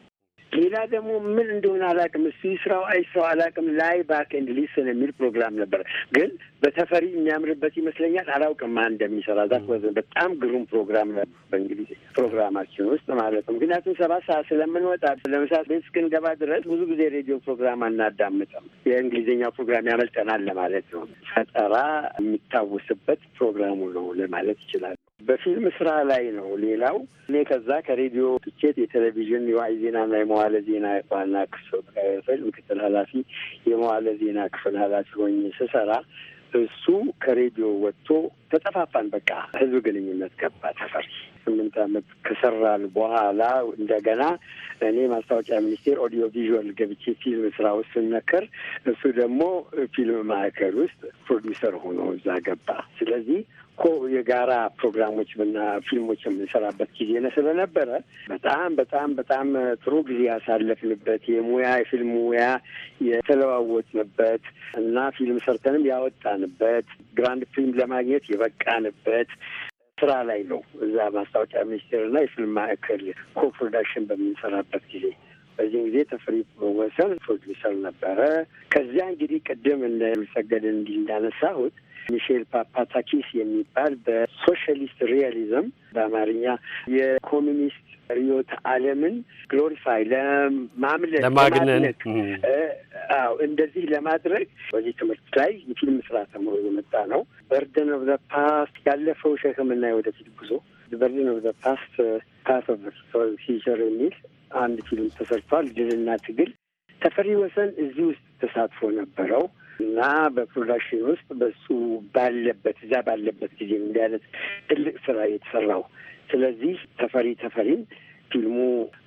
ሌላ ደግሞ ምን እንደሆነ አላውቅም። እሱ ይስራው አይስራው አላውቅም። ላይ ባክ ኤንድ ሊስን የሚል ፕሮግራም ነበረ፣ ግን በተፈሪ የሚያምርበት ይመስለኛል። አላውቅም ማን እንደሚሰራ ዛት በጣም ግሩም ፕሮግራም ነበር። በእንግሊዝ ፕሮግራማችን ውስጥ ማለት ነው። ምክንያቱም ሰባት ሰዓት ስለምንወጣ ለምሳ ቤት እስክንገባ ድረስ ብዙ ጊዜ ሬዲዮ ፕሮግራም አናዳምጥም። የእንግሊዝኛ ፕሮግራም ያመልጠናል ለማለት ነው። ፈጠራ የሚታወስበት ፕሮግራሙ ነው ለማለት ይችላል። በፊልም ስራ ላይ ነው። ሌላው እኔ ከዛ ከሬዲዮ ትኬት የቴሌቪዥን የዋይ ዜናና የመዋለ ዜና ዋና ክፍል ምክትል ኃላፊ የመዋለ ዜና ክፍል ኃላፊ ሆኜ ስሰራ እሱ ከሬዲዮ ወጥቶ ተጠፋፋን። በቃ ህዝብ ግንኙነት ገባ ተፈሪ። ስምንት አመት ከሰራን በኋላ እንደገና እኔ ማስታወቂያ ሚኒስቴር ኦዲዮ ቪዥዋል ገብቼ ፊልም ስራ ውስጥ ስነከር፣ እሱ ደግሞ ፊልም ማዕከል ውስጥ ፕሮዲውሰር ሆኖ እዛ ገባ። ስለዚህ እኮ የጋራ ፕሮግራሞች ና ፊልሞች የምንሰራበት ጊዜ ነ ስለነበረ በጣም በጣም በጣም ጥሩ ጊዜ ያሳለፍንበት የሙያ የፊልም ሙያ የተለዋወጥንበት እና ፊልም ሰርተንም ያወጣንበት ግራንድ ፊልም ለማግኘት የበቃንበት ስራ ላይ ነው። እዛ ማስታወቂያ ሚኒስቴር እና የፊልም ማዕከል ኮፕሮዳክሽን በምንሰራበት ጊዜ በዚህ ጊዜ ተፈሪ ወሰን ፕሮዲውሰር ነበረ። ከዚያ እንግዲህ ቅድም እንደ እንዲህ እንዳነሳሁት ሚሼል ፓፓታኪስ የሚባል በሶሻሊስት ሪያሊዝም በአማርኛ የኮሚኒስት ሪዮት ዓለምን ግሎሪፋይ ለማምለክ ለማግነን አዎ እንደዚህ ለማድረግ በዚህ ትምህርት ላይ የፊልም ስራ ተምሮ የመጣ ነው። በርደን ኦፍ ዘ ፓስት ያለፈው ሸክምና የወደፊት ጉዞ በርደን ኦፍ ዘ ፓስት ፓርት ኦፍ ፊውቸር የሚል አንድ ፊልም ተሰርቷል። ድልና ትግል ተፈሪ ወሰን እዚህ ውስጥ ተሳትፎ ነበረው። እና በፕሮዳክሽን ውስጥ በሱ ባለበት እዛ ባለበት ጊዜ እንዲህ አይነት ትልቅ ስራ የተሰራው። ስለዚህ ተፈሪ ተፈሪን ፊልሙ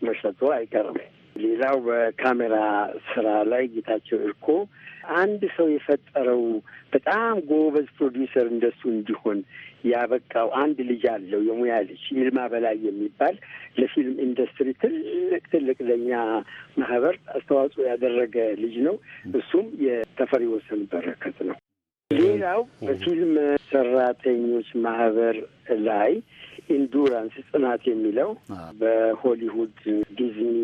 መሸቶ አይቀርም። ሌላው በካሜራ ስራ ላይ ጌታቸው እርኮ አንድ ሰው የፈጠረው በጣም ጎበዝ ፕሮዲውሰር እንደሱ እንዲሆን ያበቃው አንድ ልጅ አለው የሙያ ልጅ ይልማ በላይ የሚባል ለፊልም ኢንዱስትሪ ትልቅ ትልቅ ለእኛ ማህበር አስተዋጽኦ ያደረገ ልጅ ነው። እሱም የተፈሪ ወሰን በረከት ነው። ሌላው በፊልም ሰራተኞች ማህበር ላይ ኢንዱራንስ ጽናት የሚለው በሆሊውድ ዲዝኒ፣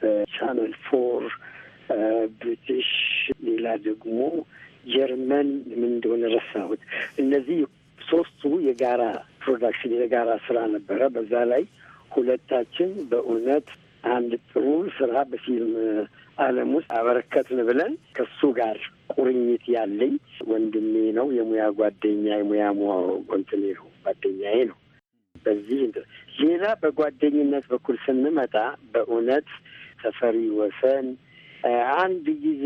በቻነል ፎር ብሪቲሽ፣ ሌላ ደግሞ ጀርመን ምን እንደሆነ ረሳሁት። እነዚህ ሶስቱ የጋራ ፕሮዳክሽን የጋራ ስራ ነበረ። በዛ ላይ ሁለታችን በእውነት አንድ ጥሩ ስራ በፊልም ዓለም ውስጥ አበረከትን ብለን ከሱ ጋር ቁርኝት ያለኝ ወንድሜ ነው። የሙያ ጓደኛ የሙያ ጓደኛዬ ነው። በዚህ ሌላ በጓደኝነት በኩል ስንመጣ በእውነት ተፈሪ ወሰን አንድ ጊዜ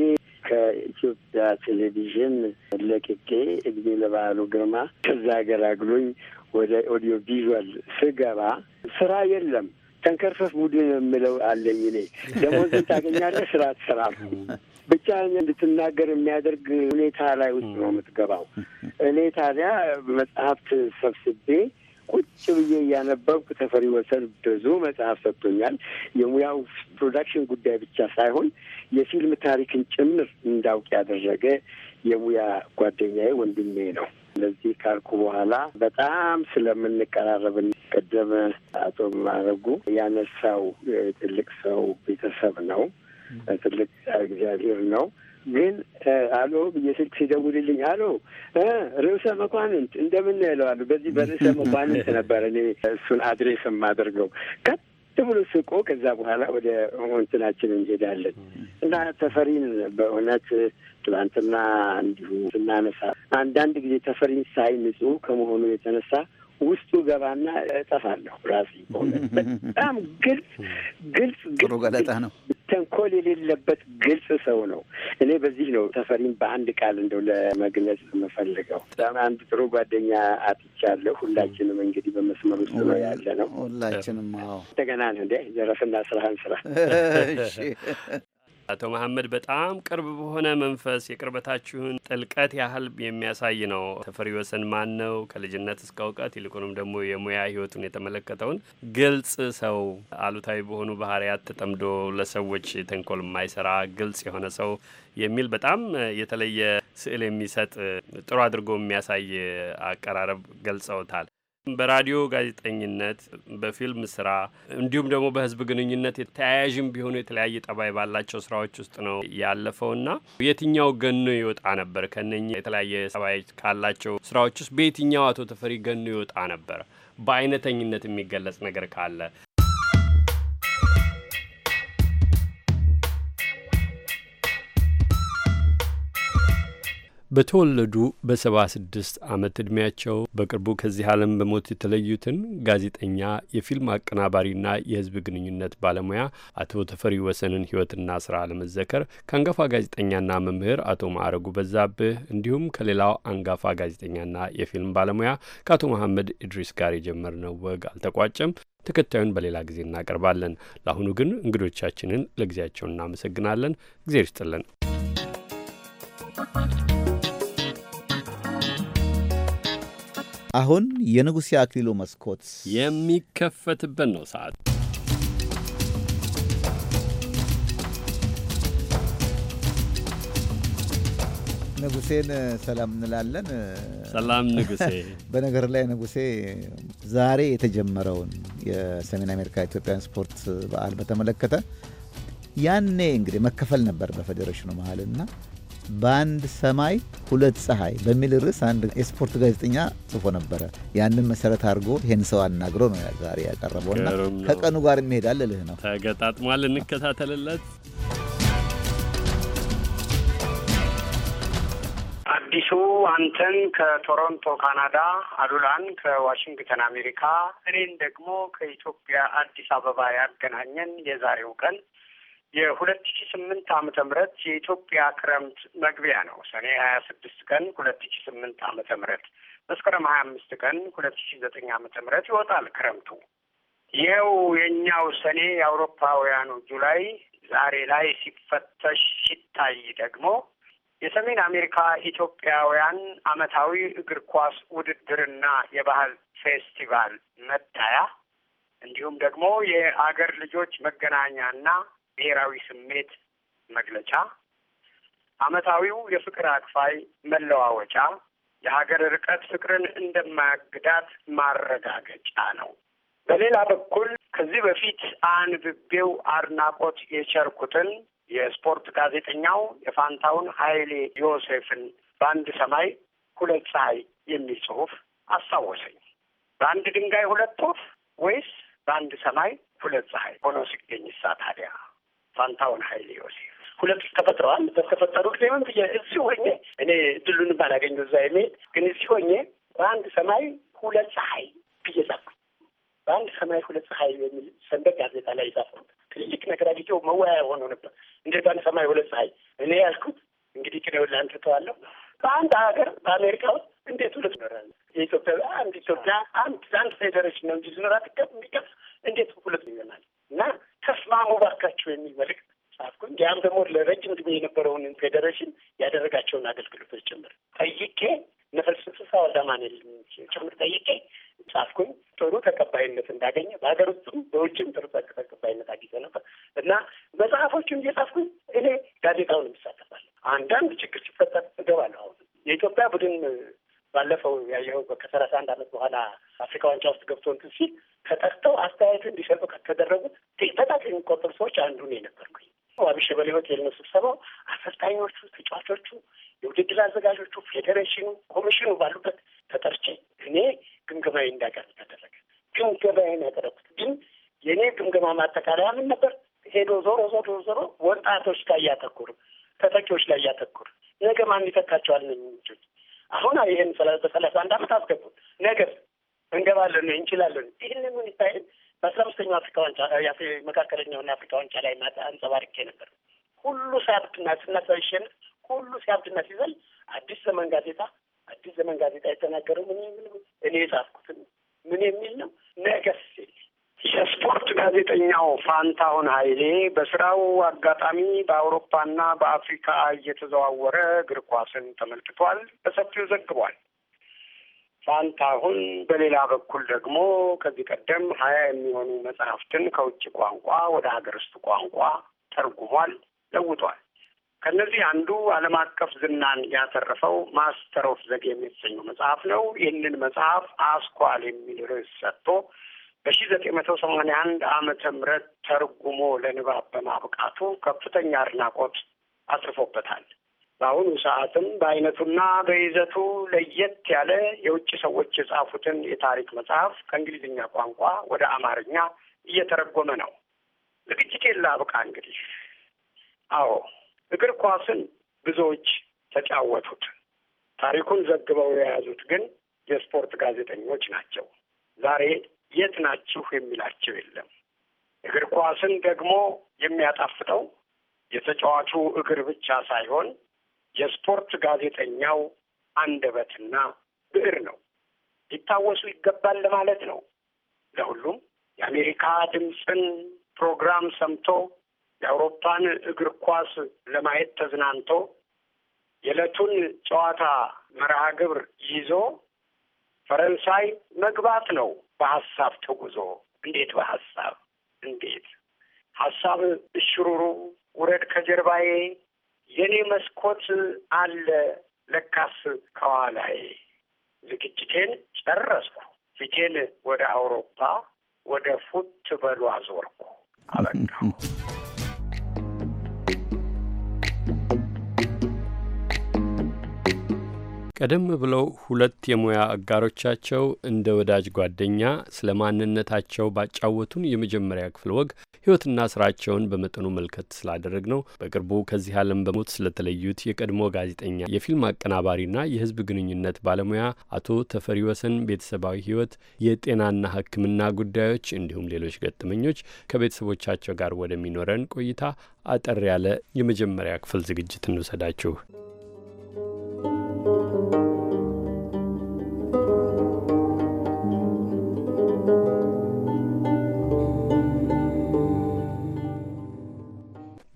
ከኢትዮጵያ ቴሌቪዥን ለቅቄ እግዜ ለባህሉ ግርማ ከዛ ሀገር አግሎኝ ወደ ኦዲዮ ቪዥዋል ስገባ ስራ የለም ተንከርፈፍ ቡድን የምለው አለኝ። እኔ ደሞዝን ታገኛለህ፣ ስራ አትሰራም፣ ብቻ እንድትናገር የሚያደርግ ሁኔታ ላይ ውስጥ ነው የምትገባው። እኔ ታዲያ መጽሐፍት ሰብስቤ ቁጭ ብዬ እያነበብኩ ተፈሪ ወሰን ብዙ መጽሐፍ ሰጥቶኛል። የሙያው ፕሮዳክሽን ጉዳይ ብቻ ሳይሆን የፊልም ታሪክን ጭምር እንዳውቅ ያደረገ የሙያ ጓደኛዬ ወንድሜ ነው። ስለዚህ ካልኩ በኋላ በጣም ስለምንቀራረብን ቀደም አቶ ማረጉ ያነሳው ትልቅ ሰው ቤተሰብ ነው፣ ትልቅ እግዚአብሔር ነው። ግን አሎ ብዬ ስልክ ሲደውልልኝ አሎ ርዕሰ መኳንንት እንደምን ይለዋሉ። በዚህ በርዕሰ መኳንንት ነበረ እኔ እሱን አድሬስ የማደርገው ቀጥ ብሎ ስቆ፣ ከዛ በኋላ ወደ እንትናችን እንሄዳለን እና ተፈሪን በእውነት ትላንትና እንዲሁ ስናነሳ አንዳንድ ጊዜ ተፈሪን ሳይ ንጹ ከመሆኑ የተነሳ ውስጡ ገባና እጠፋለሁ። ራሴ በጣም ግልጽ ግልጽ ጥሩ ገለጣ ነው። ተንኮል የሌለበት ግልጽ ሰው ነው። እኔ በዚህ ነው ተፈሪም በአንድ ቃል እንደው ለመግለጽ የምፈልገው በጣም አንድ ጥሩ ጓደኛ አትቻለሁ። ሁላችንም እንግዲህ በመስመር ውስጥ ነው ያለ ነው። ሁላችንም እንደገና ነው እንደ ዘረፍና ስራህን ስራ አቶ መሐመድ በጣም ቅርብ በሆነ መንፈስ የቅርበታችሁን ጥልቀት ያህል የሚያሳይ ነው። ተፈሪ ወሰን ማን ነው? ከልጅነት እስከ እውቀት ይልቁንም ደግሞ የሙያ ህይወቱን የተመለከተውን ግልጽ ሰው፣ አሉታዊ በሆኑ ባህሪያት ተጠምዶ ለሰዎች ተንኮል የማይሰራ ግልጽ የሆነ ሰው የሚል በጣም የተለየ ስዕል የሚሰጥ ጥሩ አድርጎ የሚያሳይ አቀራረብ ገልጸውታል። በራዲዮ ጋዜጠኝነት፣ በፊልም ስራ እንዲሁም ደግሞ በህዝብ ግንኙነት ተያያዥም ቢሆኑ የተለያየ ጠባይ ባላቸው ስራዎች ውስጥ ነው ያለፈውና የትኛው ገኖ ይወጣ ነበር? ከነኚህ የተለያየ ጠባይ ካላቸው ስራዎች ውስጥ በየትኛው አቶ ተፈሪ ገኖ ይወጣ ነበር? በአይነተኝነት የሚገለጽ ነገር ካለ በተወለዱ በሰባ ስድስት ዓመት ዕድሜያቸው በቅርቡ ከዚህ ዓለም በሞት የተለዩትን ጋዜጠኛ የፊልም አቀናባሪና የሕዝብ ግንኙነት ባለሙያ አቶ ተፈሪ ወሰንን ሕይወትና ስራ ለመዘከር ከአንጋፋ ጋዜጠኛና መምህር አቶ ማዕረጉ በዛብህ እንዲሁም ከሌላው አንጋፋ ጋዜጠኛና የፊልም ባለሙያ ከአቶ መሐመድ ኢድሪስ ጋር የጀመርነው ወግ አልተቋጨም። ተከታዩን በሌላ ጊዜ እናቀርባለን። ለአሁኑ ግን እንግዶቻችንን ለጊዜያቸው እናመሰግናለን። እግዜር ይስጥልን። አሁን የንጉሴ አክሊሉ መስኮት የሚከፈትበት ነው ሰዓት ንጉሴን ሰላም እንላለን። ሰላም ንጉሴ። በነገር ላይ ንጉሴ ዛሬ የተጀመረውን የሰሜን አሜሪካ ኢትዮጵያን ስፖርት በዓል በተመለከተ ያኔ እንግዲህ መከፈል ነበር በፌዴሬሽኑ መሀል እና በአንድ ሰማይ ሁለት ፀሐይ በሚል ርዕስ አንድ የስፖርት ጋዜጠኛ ጽፎ ነበረ። ያንን መሰረት አድርጎ ይህን ሰው አናግሮ ነው ዛሬ ያቀረበውና ከቀኑ ጋር የሚሄዳል ልህ ነው ተገጣጥሟል። እንከታተልለት። አዲሱ አንተን ከቶሮንቶ ካናዳ፣ አሉላን ከዋሽንግተን አሜሪካ፣ እኔን ደግሞ ከኢትዮጵያ አዲስ አበባ ያገናኘን የዛሬው ቀን የሁለት ሺ ስምንት ዓመተ ምህረት የኢትዮጵያ ክረምት መግቢያ ነው። ሰኔ ሀያ ስድስት ቀን ሁለት ሺ ስምንት ዓመተ ምህረት መስከረም ሀያ አምስት ቀን ሁለት ሺ ዘጠኝ ዓመተ ምህረት ይወጣል ክረምቱ። ይኸው የእኛው ሰኔ የአውሮፓውያኑ ጁላይ ዛሬ ላይ ሲፈተሽ ሲታይ ደግሞ የሰሜን አሜሪካ ኢትዮጵያውያን አመታዊ እግር ኳስ ውድድርና የባህል ፌስቲቫል መታያ እንዲሁም ደግሞ የአገር ልጆች መገናኛና ብሔራዊ ስሜት መግለጫ፣ ዓመታዊው የፍቅር አክፋይ መለዋወጫ የሀገር ርቀት ፍቅርን እንደማያግዳት ማረጋገጫ ነው። በሌላ በኩል ከዚህ በፊት አንብቤው አድናቆት የቸርኩትን የስፖርት ጋዜጠኛው የፋንታውን ኃይሌ ዮሴፍን በአንድ ሰማይ ሁለት ፀሐይ የሚል ጽሑፍ አስታወሰኝ። በአንድ ድንጋይ ሁለት ወፍ ወይስ በአንድ ሰማይ ሁለት ፀሐይ ሆኖ ሳ ታዲያ ፋንታውን ኃይሌ ዮሴፍ ሁለቱ ተፈጥረዋል። በተፈጠሩ ጊዜ ምን ብዬ እዚሁ ሆኜ እኔ ድሉን ባላገኘ እዛ የሚሄድ ግን እዚሁ ሆኜ በአንድ ሰማይ ሁለት ፀሐይ ብዬ ጻፍኩት። በአንድ ሰማይ ሁለት ፀሐይ የሚል ሰንደቅ ጋዜጣ ላይ የጻፍኩት ትልልቅ ነገር አግኝቼው መወያያ ሆኖ ነበር። እንዴት በአንድ ሰማይ ሁለት ፀሐይ? እኔ ያልኩት እንግዲህ ቅኔውን ለአንተ ተዋለሁ። በአንድ ሀገር በአሜሪካ ውስጥ እንዴት ሁለት ይኖራል? የኢትዮጵያ አንድ ኢትዮጵያ አንድ አንድ ፌዴሬሽን ነው እንጂ ዝኖራ እንዲቀፍ እንዴት ሁለት ይሆናል? እና ተስማሙ ባካቸው የሚል መልእክት ጻፍኩኝ። ያም ደግሞ ለረጅም ጊዜ የነበረውን ፌዴሬሽን ያደረጋቸውን አገልግሎቶች ጭምር ጠይቄ ነፈልስፍሳ ወልዳማን ጭምር ጠይቄ ጻፍኩኝ። ጥሩ ተቀባይነት እንዳገኘ በሀገር ውስጥም በውጭም ጥሩ ተቀባይነት አግኝቼ ነበር እና መጽሐፎቹን እየጻፍኩኝ እኔ ጋዜጣውን እሳተፋለሁ። አንዳንድ ችግር ሲፈጠር እገባለሁ። አሁን የኢትዮጵያ ቡድን ባለፈው ያየኸው ከሰላሳ አንድ አመት በኋላ አፍሪካ ዋንጫ ውስጥ ገብቶ እንትን ሲል ተጠርተው አስተያየቱ እንዲሰጡ ከተደረጉት በጣት የሚቆጠሩ ሰዎች አንዱ ነው የነበርኩኝ። አቢሸበሌ ሆቴል ነው ስብሰባው። አሰልጣኞቹ፣ ተጫዋቾቹ፣ የውድድር አዘጋጆቹ፣ ፌዴሬሽኑ፣ ኮሚሽኑ ባሉበት ተጠርቼ እኔ ግምገማዊ እንዳቀርብ ተደረገ። ግምገማዬን ያቀረብኩት ግን የእኔ ግምገማ ማጠቃለያ ምን ነበር? ሄዶ ዞሮ ዞሮ ዞሮ ወጣቶች ላይ ያተኩር፣ ተተኪዎች ላይ ያተኩር፣ ነገ ማን ይተካቸዋል ነው አሁን ይህን ሰላሳ አንድ አመት አስገቡን። ነገር እንገባለን እንችላለን። ይህንን ሁኔታ በአስራ አምስተኛው አፍሪካ ዋንጫ መካከለኛውና አፍሪካ ዋንጫ ላይ ማታ አንጸባርቄ ነበር። ሁሉ ሲያብድና ስናሳይሸንፍ ሁሉ ሲያብድና ሲዘል አዲስ ዘመን ጋዜጣ አዲስ ዘመን ጋዜጣ የተናገረው ምን እኔ የጻፍኩትን ምን የሚል ነው ነገር ሲል የስፖርት ጋዜጠኛው ፋንታሁን ኃይሌ በስራው አጋጣሚ በአውሮፓና በአፍሪካ እየተዘዋወረ እግር ኳስን ተመልክቷል፣ በሰፊው ዘግቧል። ፋንታሁን በሌላ በኩል ደግሞ ከዚህ ቀደም ሀያ የሚሆኑ መጽሐፍትን ከውጭ ቋንቋ ወደ ሀገር ውስጥ ቋንቋ ተርጉሟል፣ ለውጧል። ከእነዚህ አንዱ ዓለም አቀፍ ዝናን ያተረፈው ማስተር ኦፍ ዘጌም የተሰኘው መጽሐፍ ነው። ይህንን መጽሐፍ አስኳል የሚል ርዕስ ሰጥቶ በሺ ዘጠኝ መቶ ሰማንያ አንድ አመተ ምህረት ተርጉሞ ለንባብ በማብቃቱ ከፍተኛ አድናቆት አትርፎበታል። በአሁኑ ሰዓትም በአይነቱና በይዘቱ ለየት ያለ የውጭ ሰዎች የጻፉትን የታሪክ መጽሐፍ ከእንግሊዝኛ ቋንቋ ወደ አማርኛ እየተረጎመ ነው። ዝግጅቴን ላብቃ እንግዲህ። አዎ እግር ኳስን ብዙዎች ተጫወቱት። ታሪኩን ዘግበው የያዙት ግን የስፖርት ጋዜጠኞች ናቸው። ዛሬ የት ናችሁ የሚላቸው የለም። እግር ኳስን ደግሞ የሚያጣፍጠው የተጫዋቹ እግር ብቻ ሳይሆን የስፖርት ጋዜጠኛው አንደበትና ብዕር ነው። ሊታወሱ ይገባል ለማለት ነው። ለሁሉም የአሜሪካ ድምፅን ፕሮግራም ሰምቶ የአውሮፓን እግር ኳስ ለማየት ተዝናንቶ የዕለቱን ጨዋታ መርሃ ግብር ይዞ ፈረንሳይ መግባት ነው በሀሳብ ተጉዞ እንዴት በሀሳብ እንዴት ሀሳብ እሽሩሩ ውረድ ከጀርባዬ የኔ መስኮት አለ ለካስ ከኋላዬ። ዝግጅቴን ጨረስኩ። ፊቴን ወደ አውሮፓ ወደ ፉት በሉ አዞርኩ። አበቃ። ቀደም ብለው ሁለት የሙያ አጋሮቻቸው እንደ ወዳጅ ጓደኛ ስለ ማንነታቸው ባጫወቱን የመጀመሪያ ክፍል ወግ ሕይወትና ስራቸውን በመጠኑ መልከት ስላደረግ ነው። በቅርቡ ከዚህ ዓለም በሞት ስለተለዩት የቀድሞ ጋዜጠኛ የፊልም አቀናባሪና የሕዝብ ግንኙነት ባለሙያ አቶ ተፈሪ ወሰን ቤተሰባዊ ሕይወት፣ የጤናና ሕክምና ጉዳዮች እንዲሁም ሌሎች ገጠመኞች ከቤተሰቦቻቸው ጋር ወደሚኖረን ቆይታ አጠር ያለ የመጀመሪያ ክፍል ዝግጅት እንውሰዳችሁ።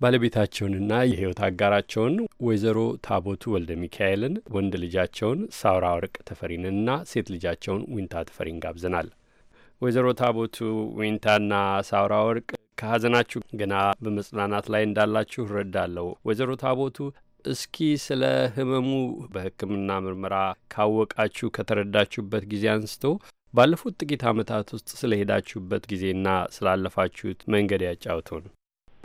ባለቤታቸውንና የህይወት አጋራቸውን ወይዘሮ ታቦቱ ወልደ ሚካኤልን፣ ወንድ ልጃቸውን ሳውራ ወርቅ ተፈሪንና ሴት ልጃቸውን ዊንታ ተፈሪን ጋብዘናል። ወይዘሮ ታቦቱ ዊንታና ሳውራ ወርቅ ከሀዘናችሁ ገና በመጽናናት ላይ እንዳላችሁ እረዳለሁ። ወይዘሮ ታቦቱ እስኪ ስለ ህመሙ በሕክምና ምርመራ ካወቃችሁ ከተረዳችሁበት ጊዜ አንስቶ ባለፉት ጥቂት ዓመታት ውስጥ ስለሄዳችሁበት ጊዜና ስላለፋችሁት መንገድ ያጫውቱን።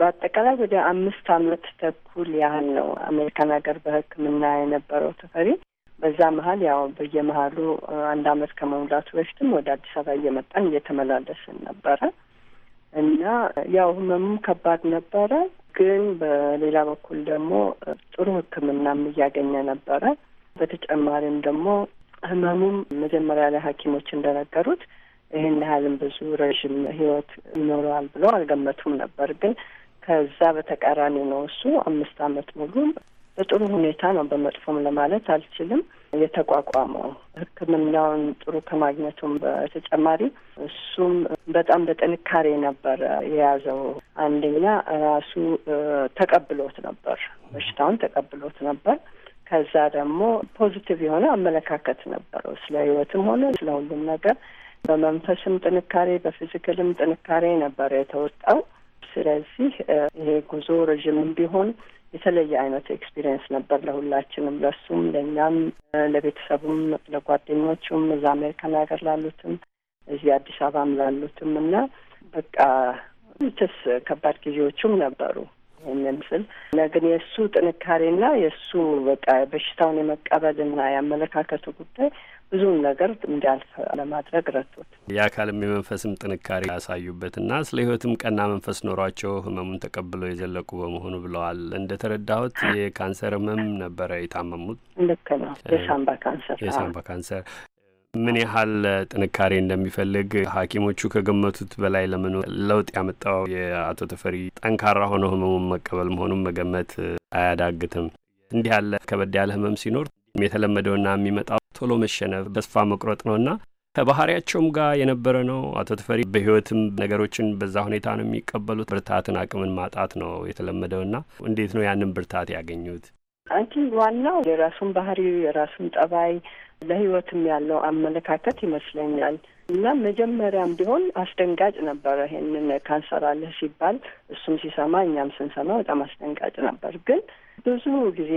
በአጠቃላይ ወደ አምስት አመት ተኩል ያህል ነው አሜሪካን ሀገር በህክምና የነበረው ተፈሪ። በዛ መሀል ያው በየመሀሉ አንድ አመት ከመሙላቱ በፊትም ወደ አዲስ አበባ እየመጣን እየተመላለስን ነበረ እና ያው ህመሙም ከባድ ነበረ፣ ግን በሌላ በኩል ደግሞ ጥሩ ህክምና እያገኘ ነበረ። በተጨማሪም ደግሞ ህመሙም መጀመሪያ ላይ ሐኪሞች እንደነገሩት ይህን ያህልም ብዙ ረዥም ህይወት ይኖረዋል ብለው አልገመቱም ነበር ግን ከዛ በተቃራኒ ነው እሱ አምስት አመት ሙሉ በጥሩ ሁኔታ ነው በመጥፎም ለማለት አልችልም የተቋቋመው። ህክምናውን ጥሩ ከማግኘቱም በተጨማሪ እሱም በጣም በጥንካሬ ነበር የያዘው። አንደኛ ራሱ ተቀብሎት ነበር፣ በሽታውን ተቀብሎት ነበር። ከዛ ደግሞ ፖዚቲቭ የሆነ አመለካከት ነበረው ስለ ህይወትም ሆነ ስለ ሁሉም ነገር። በመንፈስም ጥንካሬ፣ በፊዚክልም ጥንካሬ ነበር የተወጣው። ስለዚህ ይሄ ጉዞ ረዥምም ቢሆን የተለየ አይነት ኤክስፒሪየንስ ነበር ለሁላችንም፣ ለሱም፣ ለእኛም፣ ለቤተሰቡም፣ ለጓደኞቹም እዛ አሜሪካን ሀገር ላሉትም እዚህ አዲስ አበባም ላሉትም እና በቃ ትስ ከባድ ጊዜዎቹም ነበሩ። የሚያምስል እና ግን የእሱ ጥንካሬና የእሱ በቃ በሽታውን የመቀበልና ያመለካከቱ ጉዳይ ብዙም ነገር እንዲያልፍ ለማድረግ ረቶት የአካልም የመንፈስም ጥንካሬ ያሳዩበትና ስለ ህይወትም ቀና መንፈስ ኖሯቸው ህመሙን ተቀብለው የዘለቁ በመሆኑ ብለዋል። እንደ ተረዳሁት የካንሰር ህመም ነበረ የታመሙት። ልክ ነው። የሳምባ ካንሰር የሳምባ ካንሰር ምን ያህል ጥንካሬ እንደሚፈልግ ሐኪሞቹ ከገመቱት በላይ ለምኑ ለውጥ ያመጣው የአቶ ተፈሪ ጠንካራ ሆኖ ህመሙን መቀበል መሆኑን መገመት አያዳግትም። እንዲህ ያለ ከበድ ያለ ህመም ሲኖር የተለመደውና የሚመጣው ቶሎ መሸነፍ፣ ተስፋ መቁረጥ ነውና ከባህሪያቸውም ጋር የነበረ ነው። አቶ ተፈሪ በህይወትም ነገሮችን በዛ ሁኔታ ነው የሚቀበሉት። ብርታትን አቅምን ማጣት ነው የተለመደውና እንዴት ነው ያንን ብርታት ያገኙት? አንቺ ዋናው የራሱን ባህሪ የራሱን ጠባይ ለህይወትም ያለው አመለካከት ይመስለኛል። እና መጀመሪያም ቢሆን አስደንጋጭ ነበረ። ይሄንን ካንሰር አለህ ሲባል እሱም ሲሰማ እኛም ስንሰማ በጣም አስደንጋጭ ነበር። ግን ብዙ ጊዜ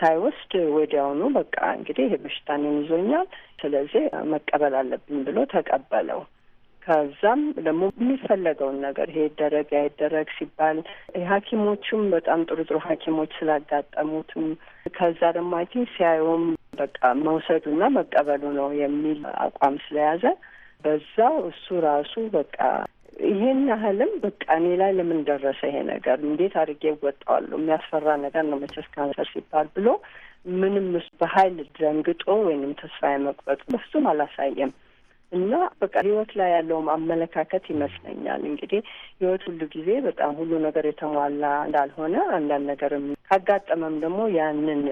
ሳይወስድ ወዲያውኑ በቃ እንግዲህ ይሄ በሽታን ይዞኛል፣ ስለዚህ መቀበል አለብኝ ብሎ ተቀበለው። ከዛም ደግሞ የሚፈለገውን ነገር ይሄ ይደረግ ያይደረግ ሲባል ሐኪሞቹም በጣም ጥሩ ጥሩ ሐኪሞች ስላጋጠሙትም ከዛ ደግሞ አይ ቲንክ ሲያየውም በቃ መውሰዱ መውሰዱና መቀበሉ ነው የሚል አቋም ስለያዘ በዛ እሱ ራሱ በቃ ይሄን ያህልም በቃ እኔ ላይ ለምን ደረሰ ይሄ ነገር እንዴት አድርጌ ይወጣዋሉ የሚያስፈራ ነገር ነው መቸስ ካንሰር ሲባል ብሎ ምንም እሱ በሀይል ደንግጦ ወይንም ተስፋ የመቁረጡ በፍጹም አላሳየም። እና በቃ ህይወት ላይ ያለውም አመለካከት ይመስለኛል እንግዲህ ህይወት ሁሉ ጊዜ በጣም ሁሉ ነገር የተሟላ እንዳልሆነ አንዳንድ ነገርም ካጋጠመም ደግሞ ያንን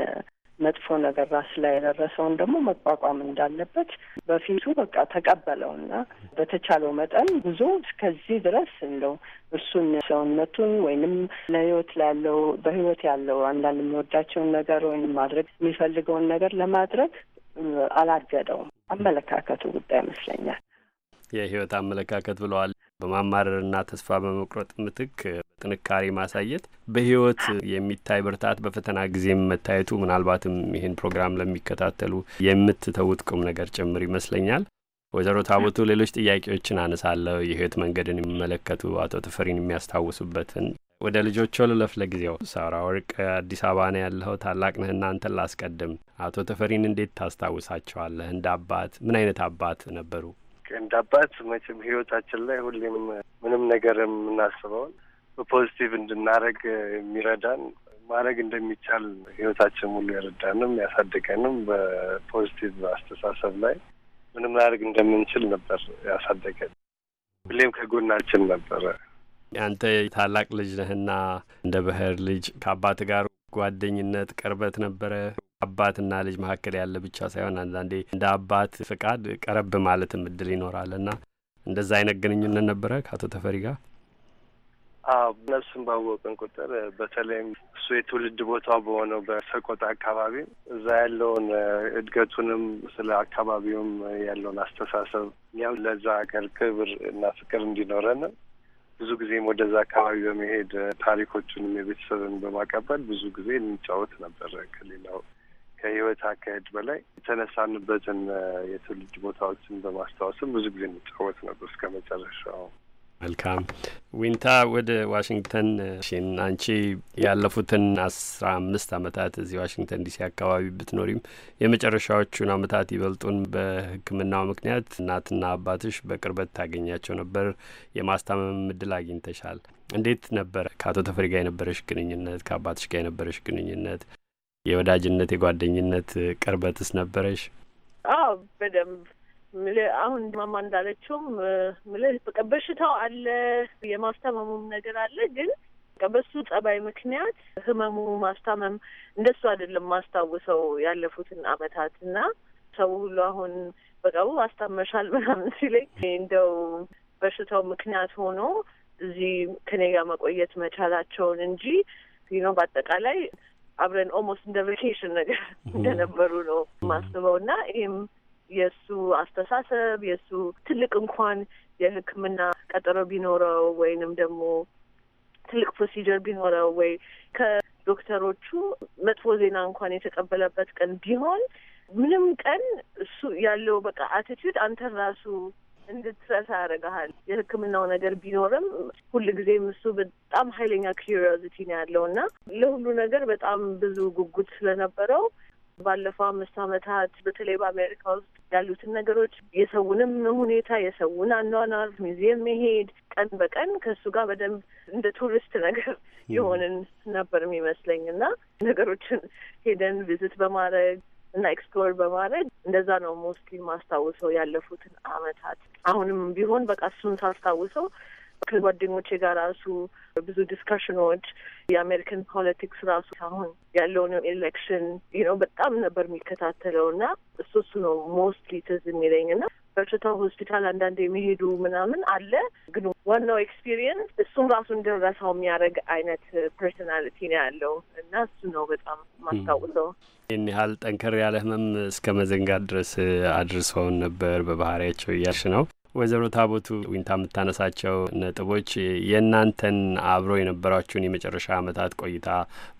መጥፎ ነገር ራስ ላይ የደረሰውን ደግሞ መቋቋም እንዳለበት በፊቱ በቃ ተቀበለው እና በተቻለው መጠን ጉዞ እስከዚህ ድረስ እንደው እሱን ሰውነቱን ወይንም ለህይወት ላለው በህይወት ያለው አንዳንድ የሚወዳቸውን ነገር ወይም ማድረግ የሚፈልገውን ነገር ለማድረግ አላገደውም። አመለካከቱ ጉዳይ ይመስለኛል የህይወት አመለካከት ብለዋል። በማማረርና ተስፋ በመቁረጥ ምትክ ጥንካሬ ማሳየት በህይወት የሚታይ ብርታት በፈተና ጊዜም መታየቱ ምናልባትም ይህን ፕሮግራም ለሚከታተሉ የምትተውት ቁም ነገር ጭምር ይመስለኛል። ወይዘሮ ታቦቱ ሌሎች ጥያቄዎችን አነሳለሁ። የህይወት መንገድን የሚመለከቱ አቶ ተፈሪን የሚያስታውሱበትን ወደ ልጆቹ ልለፍ። ለጊዜው ሳራ ወርቅ አዲስ አበባ ነው ያለኸው። ታላቅ ነህ። እናንተን ላስቀድም። አቶ ተፈሪን እንዴት ታስታውሳቸዋለህ? እንደ አባት ምን አይነት አባት ነበሩ? እንደ አባት መቼም ህይወታችን ላይ ሁሌም ምንም ነገር የምናስበውን በፖዚቲቭ እንድናደረግ የሚረዳን ማድረግ እንደሚቻል ህይወታችን ሙሉ የረዳንም ያሳደገንም በፖዚቲቭ አስተሳሰብ ላይ ምንም ላደርግ እንደምንችል ነበር ያሳደገን። ሁሌም ከጎናችን ነበረ። አንተ ታላቅ ልጅ ነህና እንደ ባህር ልጅ ከአባት ጋር ጓደኝነት፣ ቅርበት ነበረ። አባትና ልጅ መካከል ያለ ብቻ ሳይሆን አንዳንዴ እንደ አባት ፍቃድ ቀረብ ማለት እድል ይኖራልና እንደዛ አይነት ግንኙነት ነበረ ከአቶ ተፈሪ ጋር? አዎ ባወቅን ቁጥር በተለይም እሱ የትውልድ ቦታ በሆነው በሰቆጣ አካባቢ እዛ ያለውን እድገቱንም ስለ አካባቢውም ያለውን አስተሳሰብ እኛም ለዛ ሀገር ክብር እና ፍቅር እንዲኖረን ብዙ ጊዜም ወደዛ አካባቢ በመሄድ ታሪኮቹንም የቤተሰብን በማቀበል ብዙ ጊዜ እንጫወት ነበረ ከሌላው ከህይወት አካሄድ በላይ የተነሳንበትን የትውልድ ቦታዎችን በማስታወስም ብዙ ጊዜ እንጫወት ነበር እስከ መጨረሻው። መልካም ዊንታ፣ ወደ ዋሽንግተን ሽን አንቺ ያለፉትን አስራ አምስት አመታት እዚህ ዋሽንግተን ዲሲ አካባቢ ብትኖሪም የመጨረሻዎቹን አመታት ይበልጡን በሕክምናው ምክንያት እናትና አባትሽ በቅርበት ታገኛቸው ነበር። የማስታመም እድል አግኝተሻል። እንዴት ነበር ከአቶ ተፈሪ ጋር የነበረሽ ግንኙነት? ከአባትሽ ጋር የነበረሽ ግንኙነት? የወዳጅነት የጓደኝነት ቅርበትስ ነበረሽ? አዎ በደንብ ምልህ አሁን ማማ እንዳለችውም ምልህ በቃ በሽታው አለ የማስታመሙም ነገር አለ ግን በሱ ጸባይ ምክንያት ህመሙ ማስታመም እንደሱ አይደለም ማስታውሰው ያለፉትን አመታት እና ሰው ሁሉ አሁን በቀቡ አስታመሻል ምናምን ሲለኝ እንደው በሽታው ምክንያት ሆኖ እዚህ ከኔ ጋር መቆየት መቻላቸውን እንጂ ነው በአጠቃላይ አብረን ኦልሞስት እንደ ቬኬሽን ነገር እንደነበሩ ነው ማስበው እና ይህም የእሱ አስተሳሰብ የእሱ ትልቅ እንኳን የሕክምና ቀጠሮ ቢኖረው ወይንም ደግሞ ትልቅ ፕሮሲጀር ቢኖረው ወይ ከዶክተሮቹ መጥፎ ዜና እንኳን የተቀበለበት ቀን ቢሆን ምንም ቀን እሱ ያለው በቃ አቲቲዩድ አንተን ራሱ እንድትረሳ ያደርግሃል። የሕክምናው ነገር ቢኖርም ሁልጊዜም እሱ በጣም ኃይለኛ ኪሪዮዚቲ ነው ያለው እና ለሁሉ ነገር በጣም ብዙ ጉጉት ስለነበረው ባለፈው አምስት ዓመታት በተለይ በአሜሪካ ውስጥ ያሉትን ነገሮች የሰውንም ሁኔታ የሰውን አኗኗር ሚዚየም መሄድ ቀን በቀን ከእሱ ጋር በደንብ እንደ ቱሪስት ነገር የሆንን ነበር የሚመስለኝ እና ነገሮችን ሄደን ቪዝት በማድረግ እና ኤክስፕሎር በማድረግ እንደዛ ነው ሞስትሊ ማስታውሰው ያለፉትን አመታት። አሁንም ቢሆን በቃ እሱን ሳስታውሰው ከጓደኞቼ ጋር ራሱ ብዙ ዲስካሽኖች የአሜሪካን ፖለቲክስ ራሱ አሁን ያለውን ኤሌክሽን ነው በጣም ነበር የሚከታተለው እና እሱ እሱ ነው ሞስትሊ ትዝ የሚለኝ እና በሽታው ሆስፒታል አንዳንድ የሚሄዱ ምናምን አለ። ግን ዋናው ኤክስፒሪየንስ እሱም ራሱ እንድረሳው የሚያደርግ አይነት ፐርሶናሊቲ ነው ያለው እና እሱ ነው በጣም ማስታውሰው። ይህን ያህል ጠንከር ያለ ህመም እስከ መዘንጋት ድረስ አድርሰውን ነበር በባህሪያቸው እያልሽ ነው። ወይዘሮ ታቦቱ ዊንታ የምታነሳቸው ነጥቦች የእናንተን አብሮ የነበራችሁን የመጨረሻ አመታት ቆይታ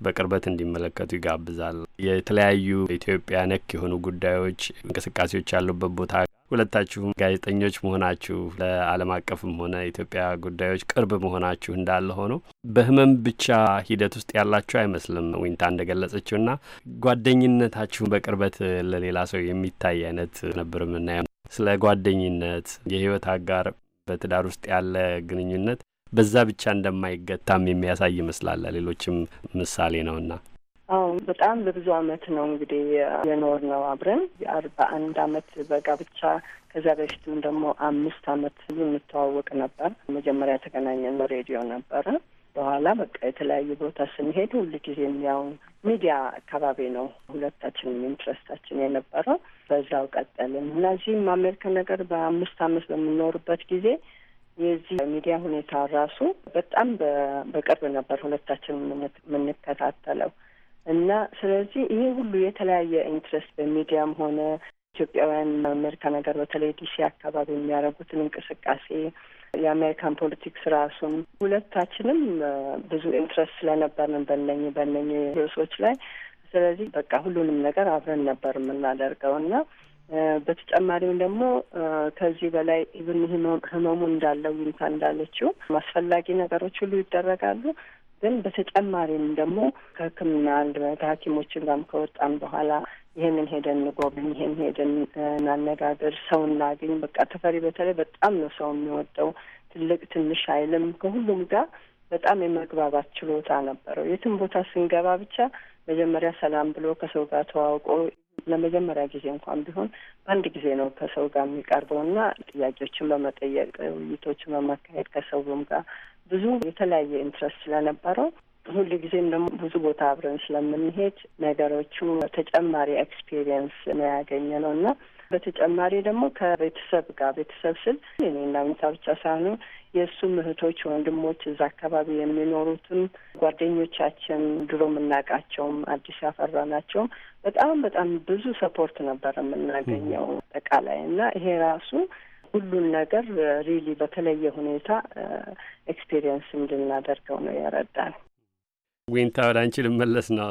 በቅርበት እንዲመለከቱ ይጋብዛል። የተለያዩ ኢትዮጵያ ነክ የሆኑ ጉዳዮች እንቅስቃሴዎች ያሉበት ቦታ ሁለታችሁም ጋዜጠኞች መሆናችሁ ለዓለም አቀፍም ሆነ ኢትዮጵያ ጉዳዮች ቅርብ መሆናችሁ እንዳለ ሆኖ በህመም ብቻ ሂደት ውስጥ ያላችሁ አይመስልም። ዊንታ እንደገለጸችውና ጓደኝነታችሁን በቅርበት ለሌላ ሰው የሚታይ አይነት ነበር የምናየው። ስለ ጓደኝነት የህይወት አጋር በትዳር ውስጥ ያለ ግንኙነት በዛ ብቻ እንደማይገታም የሚያሳይ ይመስላል። ሌሎችም ምሳሌ ነውና አዎ በጣም ለብዙ አመት ነው እንግዲህ የኖር ነው አብረን የአርባ አንድ አመት በጋብቻ ከዛ በፊትም ደግሞ አምስት አመት እንተዋወቅ ነበር። መጀመሪያ የተገናኘን ሬዲዮ ነበረ። በኋላ በቃ የተለያዩ ቦታ ስንሄድ ሁሉ ጊዜ ያው ሚዲያ አካባቢ ነው ሁለታችንም ኢንትረስታችን የነበረው። በዛው ቀጠልን እና እዚህም ነገር በአምስት አመት በምንኖርበት ጊዜ የዚህ ሚዲያ ሁኔታ ራሱ በጣም በቅርብ ነበር ሁለታችን የምንከታተለው እና ስለዚህ ይሄ ሁሉ የተለያየ ኢንትረስት በሚዲያም ሆነ ኢትዮጵያውያን አሜሪካ ነገር በተለይ ዲሲ አካባቢ የሚያደርጉትን እንቅስቃሴ የአሜሪካን ፖለቲክስ ራሱን ሁለታችንም ብዙ ኢንትረስት ስለነበርን በነኝ በነኝ ርዕሶች ላይ ስለዚህ በቃ ሁሉንም ነገር አብረን ነበር የምናደርገው እና በተጨማሪም ደግሞ ከዚህ በላይ ኢቭን ህመሙ እንዳለው ይምታ እንዳለችው አስፈላጊ ነገሮች ሁሉ ይደረጋሉ። ግን በተጨማሪም ደግሞ ከሕክምና አንድ ከሐኪሞችን ጋርም ከወጣን በኋላ ይህንን ሄደን እንጎብኝ፣ ይህን ሄደን እናነጋገር፣ ሰው እናገኝ። በቃ ተፈሪ በተለይ በጣም ነው ሰው የሚወደው። ትልቅ ትንሽ አይልም። ከሁሉም ጋር በጣም የመግባባት ችሎታ ነበረው። የትም ቦታ ስንገባ ብቻ መጀመሪያ ሰላም ብሎ ከሰው ጋር ተዋውቆ ለመጀመሪያ ጊዜ እንኳን ቢሆን በአንድ ጊዜ ነው ከሰው ጋር የሚቀርበው እና ጥያቄዎችን በመጠየቅ ውይይቶችን በማካሄድ ከሰውም ጋር ብዙ የተለያየ ኢንትረስት ስለነበረው ሁሉ ጊዜም ደግሞ ብዙ ቦታ አብረን ስለምንሄድ ነገሮቹ ተጨማሪ ኤክስፒሪየንስ ነው ያገኘ ነው እና በተጨማሪ ደግሞ ከቤተሰብ ጋር ቤተሰብ ስል የኔና ምታ ብቻ ሳይሆኑ የእሱ እህቶች፣ ወንድሞች እዛ አካባቢ የሚኖሩትም ጓደኞቻችን ድሮ የምናውቃቸውም አዲስ ያፈራ ናቸውም በጣም በጣም ብዙ ሰፖርት ነበር የምናገኘው አጠቃላይ እና ይሄ ራሱ ሁሉን ነገር ሪሊ በተለየ ሁኔታ ኤክስፔሪየንስ እንድናደርገው ነው ያረዳል። ዊንታ ወደ አንቺ ልመለስ ነው።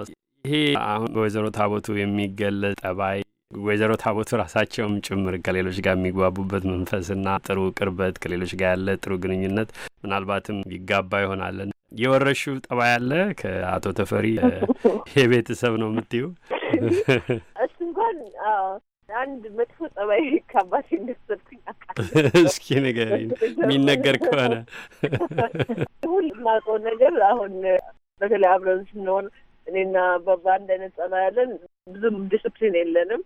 ይሄ አሁን በወይዘሮ ታቦቱ የሚገለጽ ጠባይ ወይዘሮ ታቦቱ ራሳቸውም ጭምር ከሌሎች ጋር የሚግባቡበት መንፈስና ጥሩ ቅርበት ከሌሎች ጋር ያለ ጥሩ ግንኙነት ምናልባትም ይጋባ ይሆናለን። የወረሹ ጠባ ያለ ከአቶ ተፈሪ የቤተሰብ ነው የምትዩ እሱ እንኳን አንድ መጥፎ ጠባይ ከአባት እንደወሰድኩኝ አውቃለሁ። እስኪ ነገር የሚነገር ከሆነ ሁሉ የማውቀው ነገር አሁን በተለይ አብረን ስንሆን እኔና በአንድ አይነት ጸባይ ያለን ብዙም ዲስፕሊን የለንም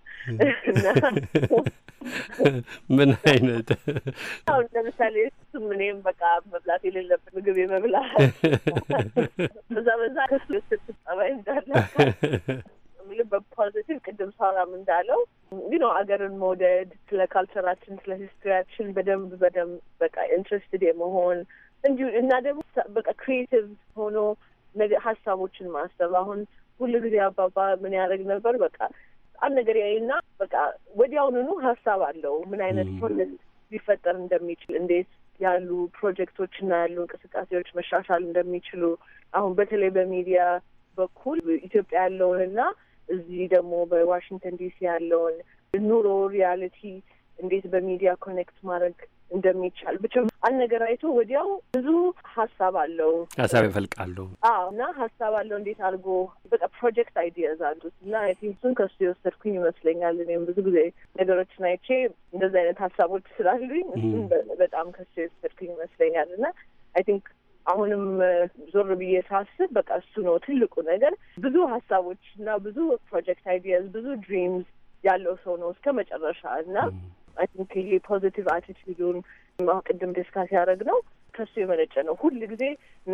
እና ምን አይነት አሁን ለምሳሌ እሱ ምንም በቃ መብላት የሌለብን ምግብ የመብላት በዛ በዛ ከሱ ስት እንዳለ በፖዚቲቭ ቅድም ሳራም እንዳለው ዩኖ አገርን መውደድ ስለ ካልቸራችን ስለ ሂስትሪያችን በደንብ በደንብ በቃ ኢንትረስትድ የመሆን እንዲሁ እና ደግሞ በቃ ክሪኤቲቭ ሆኖ ሀሳቦችን ማሰብ አሁን ሁሉ ጊዜ አባባ ምን ያደርግ ነበር? በቃ አንድ ነገር ያይና በቃ ወዲያውኑኑ ሀሳብ አለው ምን አይነት ፕሮጀክት ሊፈጠር እንደሚችል እንዴት ያሉ ፕሮጀክቶች እና ያሉ እንቅስቃሴዎች መሻሻል እንደሚችሉ አሁን በተለይ በሚዲያ በኩል ኢትዮጵያ ያለውንና እዚህ ደግሞ በዋሽንግተን ዲሲ ያለውን ኑሮ ሪያሊቲ እንዴት በሚዲያ ኮኔክት ማድረግ እንደሚቻል ብቻ አንድ ነገር አይቶ ወዲያው ብዙ ሀሳብ አለው፣ ሀሳብ ይፈልቃሉ። አዎ እና ሀሳብ አለው እንዴት አድርጎ በቃ ፕሮጀክት አይዲያዝ አሉት እና እሱን ከሱ የወሰድኩኝ ይመስለኛል። እኔም ብዙ ጊዜ ነገሮችን አይቼ እንደዚ አይነት ሀሳቦች ስላሉኝ እሱን በጣም ከሱ የወሰድኩኝ ይመስለኛል እና አይ ቲንክ አሁንም ዞር ብዬ ሳስብ በቃ እሱ ነው ትልቁ ነገር። ብዙ ሀሳቦች እና ብዙ ፕሮጀክት አይዲያዝ ብዙ ድሪምስ ያለው ሰው ነው እስከ መጨረሻ እና አይ ቲንክ ይሄ ፖዚቲቭ አቲቲዩዱን ቅድም ዲስካስ ያደረግ ነው ከሱ የመነጨ ነው። ሁል ጊዜ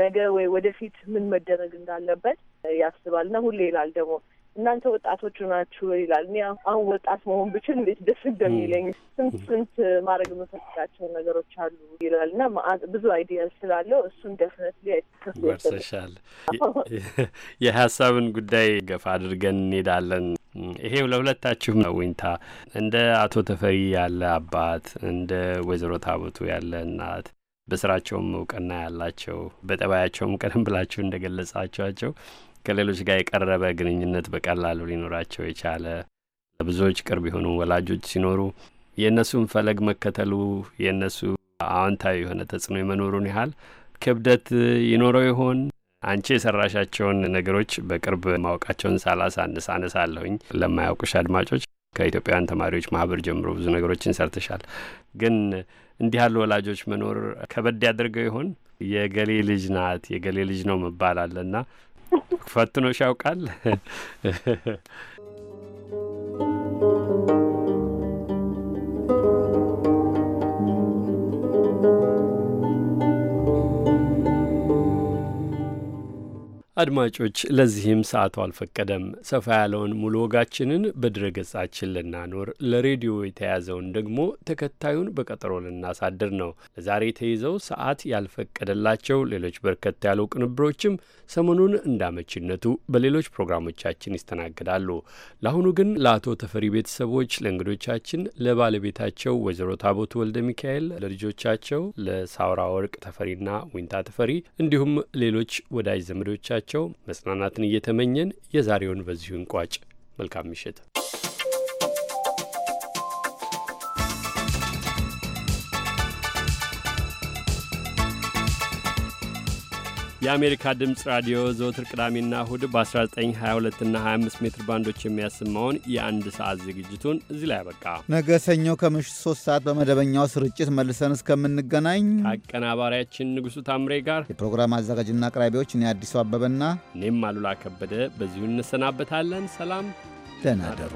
ነገ ወይ ወደፊት ምን መደረግ እንዳለበት ያስባል እና ሁሌ ይላል ደግሞ እናንተ ወጣቶች ናችሁ ይላል። እኔ አሁን ወጣት መሆን ብችል እንዴት ደስ እንደሚለኝ ስንት ስንት ማድረግ የምፈልጋቸው ነገሮች አሉ ይላል እና ብዙ አይዲያ ስላለው እሱን ደፍነት ወርሰሻል። የሀሳብን ጉዳይ ገፋ አድርገን እንሄዳለን። ይሄው ለሁለታችሁም ነው እንደ አቶ ተፈሪ ያለ አባት፣ እንደ ወይዘሮ ታቦቱ ያለ እናት በስራቸውም እውቅና ያላቸው በጠባያቸውም ቀደም ብላችሁ እንደ ገለጻችኋቸው ከሌሎች ጋር የቀረበ ግንኙነት በቀላሉ ሊኖራቸው የቻለ ለብዙዎች ቅርብ የሆኑ ወላጆች ሲኖሩ የእነሱን ፈለግ መከተሉ የእነሱ አዎንታዊ የሆነ ተጽዕኖ የመኖሩን ያህል ክብደት ይኖረው ይሆን? አንቺ የሰራሻቸውን ነገሮች በቅርብ ማወቃቸውን ሳላሳንስ አነሳለሁኝ ለማያውቁሽ አድማጮች ከኢትዮጵያውያን ተማሪዎች ማህበር ጀምሮ ብዙ ነገሮችን ሰርተሻል። ግን እንዲህ ያሉ ወላጆች መኖር ከበድ ያደርገው ይሆን? የገሌ ልጅ ናት የገሌ ልጅ ነው መባል አለና ፈትኖሽ ያውቃል? አድማጮች፣ ለዚህም ሰዓቱ አልፈቀደም። ሰፋ ያለውን ሙሉ ወጋችንን ገጻችን ልናኖር ለሬዲዮ የተያዘውን ደግሞ ተከታዩን በቀጠሮ ልናሳድር ነው። ለዛሬ ተይዘው ሰዓት ያልፈቀደላቸው ሌሎች በርከት ያሉ ቅንብሮችም ሰሞኑን እንዳመችነቱ በሌሎች ፕሮግራሞቻችን ይስተናግዳሉ። ለአሁኑ ግን ለአቶ ተፈሪ ቤተሰቦች፣ ለእንግዶቻችን፣ ለባለቤታቸው ወይዘሮ ታቦት ወልደ ሚካኤል፣ ለልጆቻቸው ለሳውራ ወርቅ ተፈሪና ዊንታ ተፈሪ እንዲሁም ሌሎች ወዳጅ ዘመዶቻቸው በመሆናቸው መጽናናትን እየተመኘን የዛሬውን በዚሁ እንቋጭ። መልካም ምሽት። የአሜሪካ ድምፅ ራዲዮ ዘወትር ቅዳሜና እሁድ በ1922 እና 25 ሜትር ባንዶች የሚያሰማውን የአንድ ሰዓት ዝግጅቱን እዚህ ላይ ያበቃ። ነገ ሰኞ ከምሽት 3 ሰዓት በመደበኛው ስርጭት መልሰን እስከምንገናኝ ከአቀናባሪያችን ንጉሱ ታምሬ ጋር የፕሮግራም አዘጋጅና አቅራቢዎች እኔ አዲሱ አበበና እኔም አሉላ ከበደ በዚሁ እንሰናበታለን። ሰላም፣ ደህና ደሩ።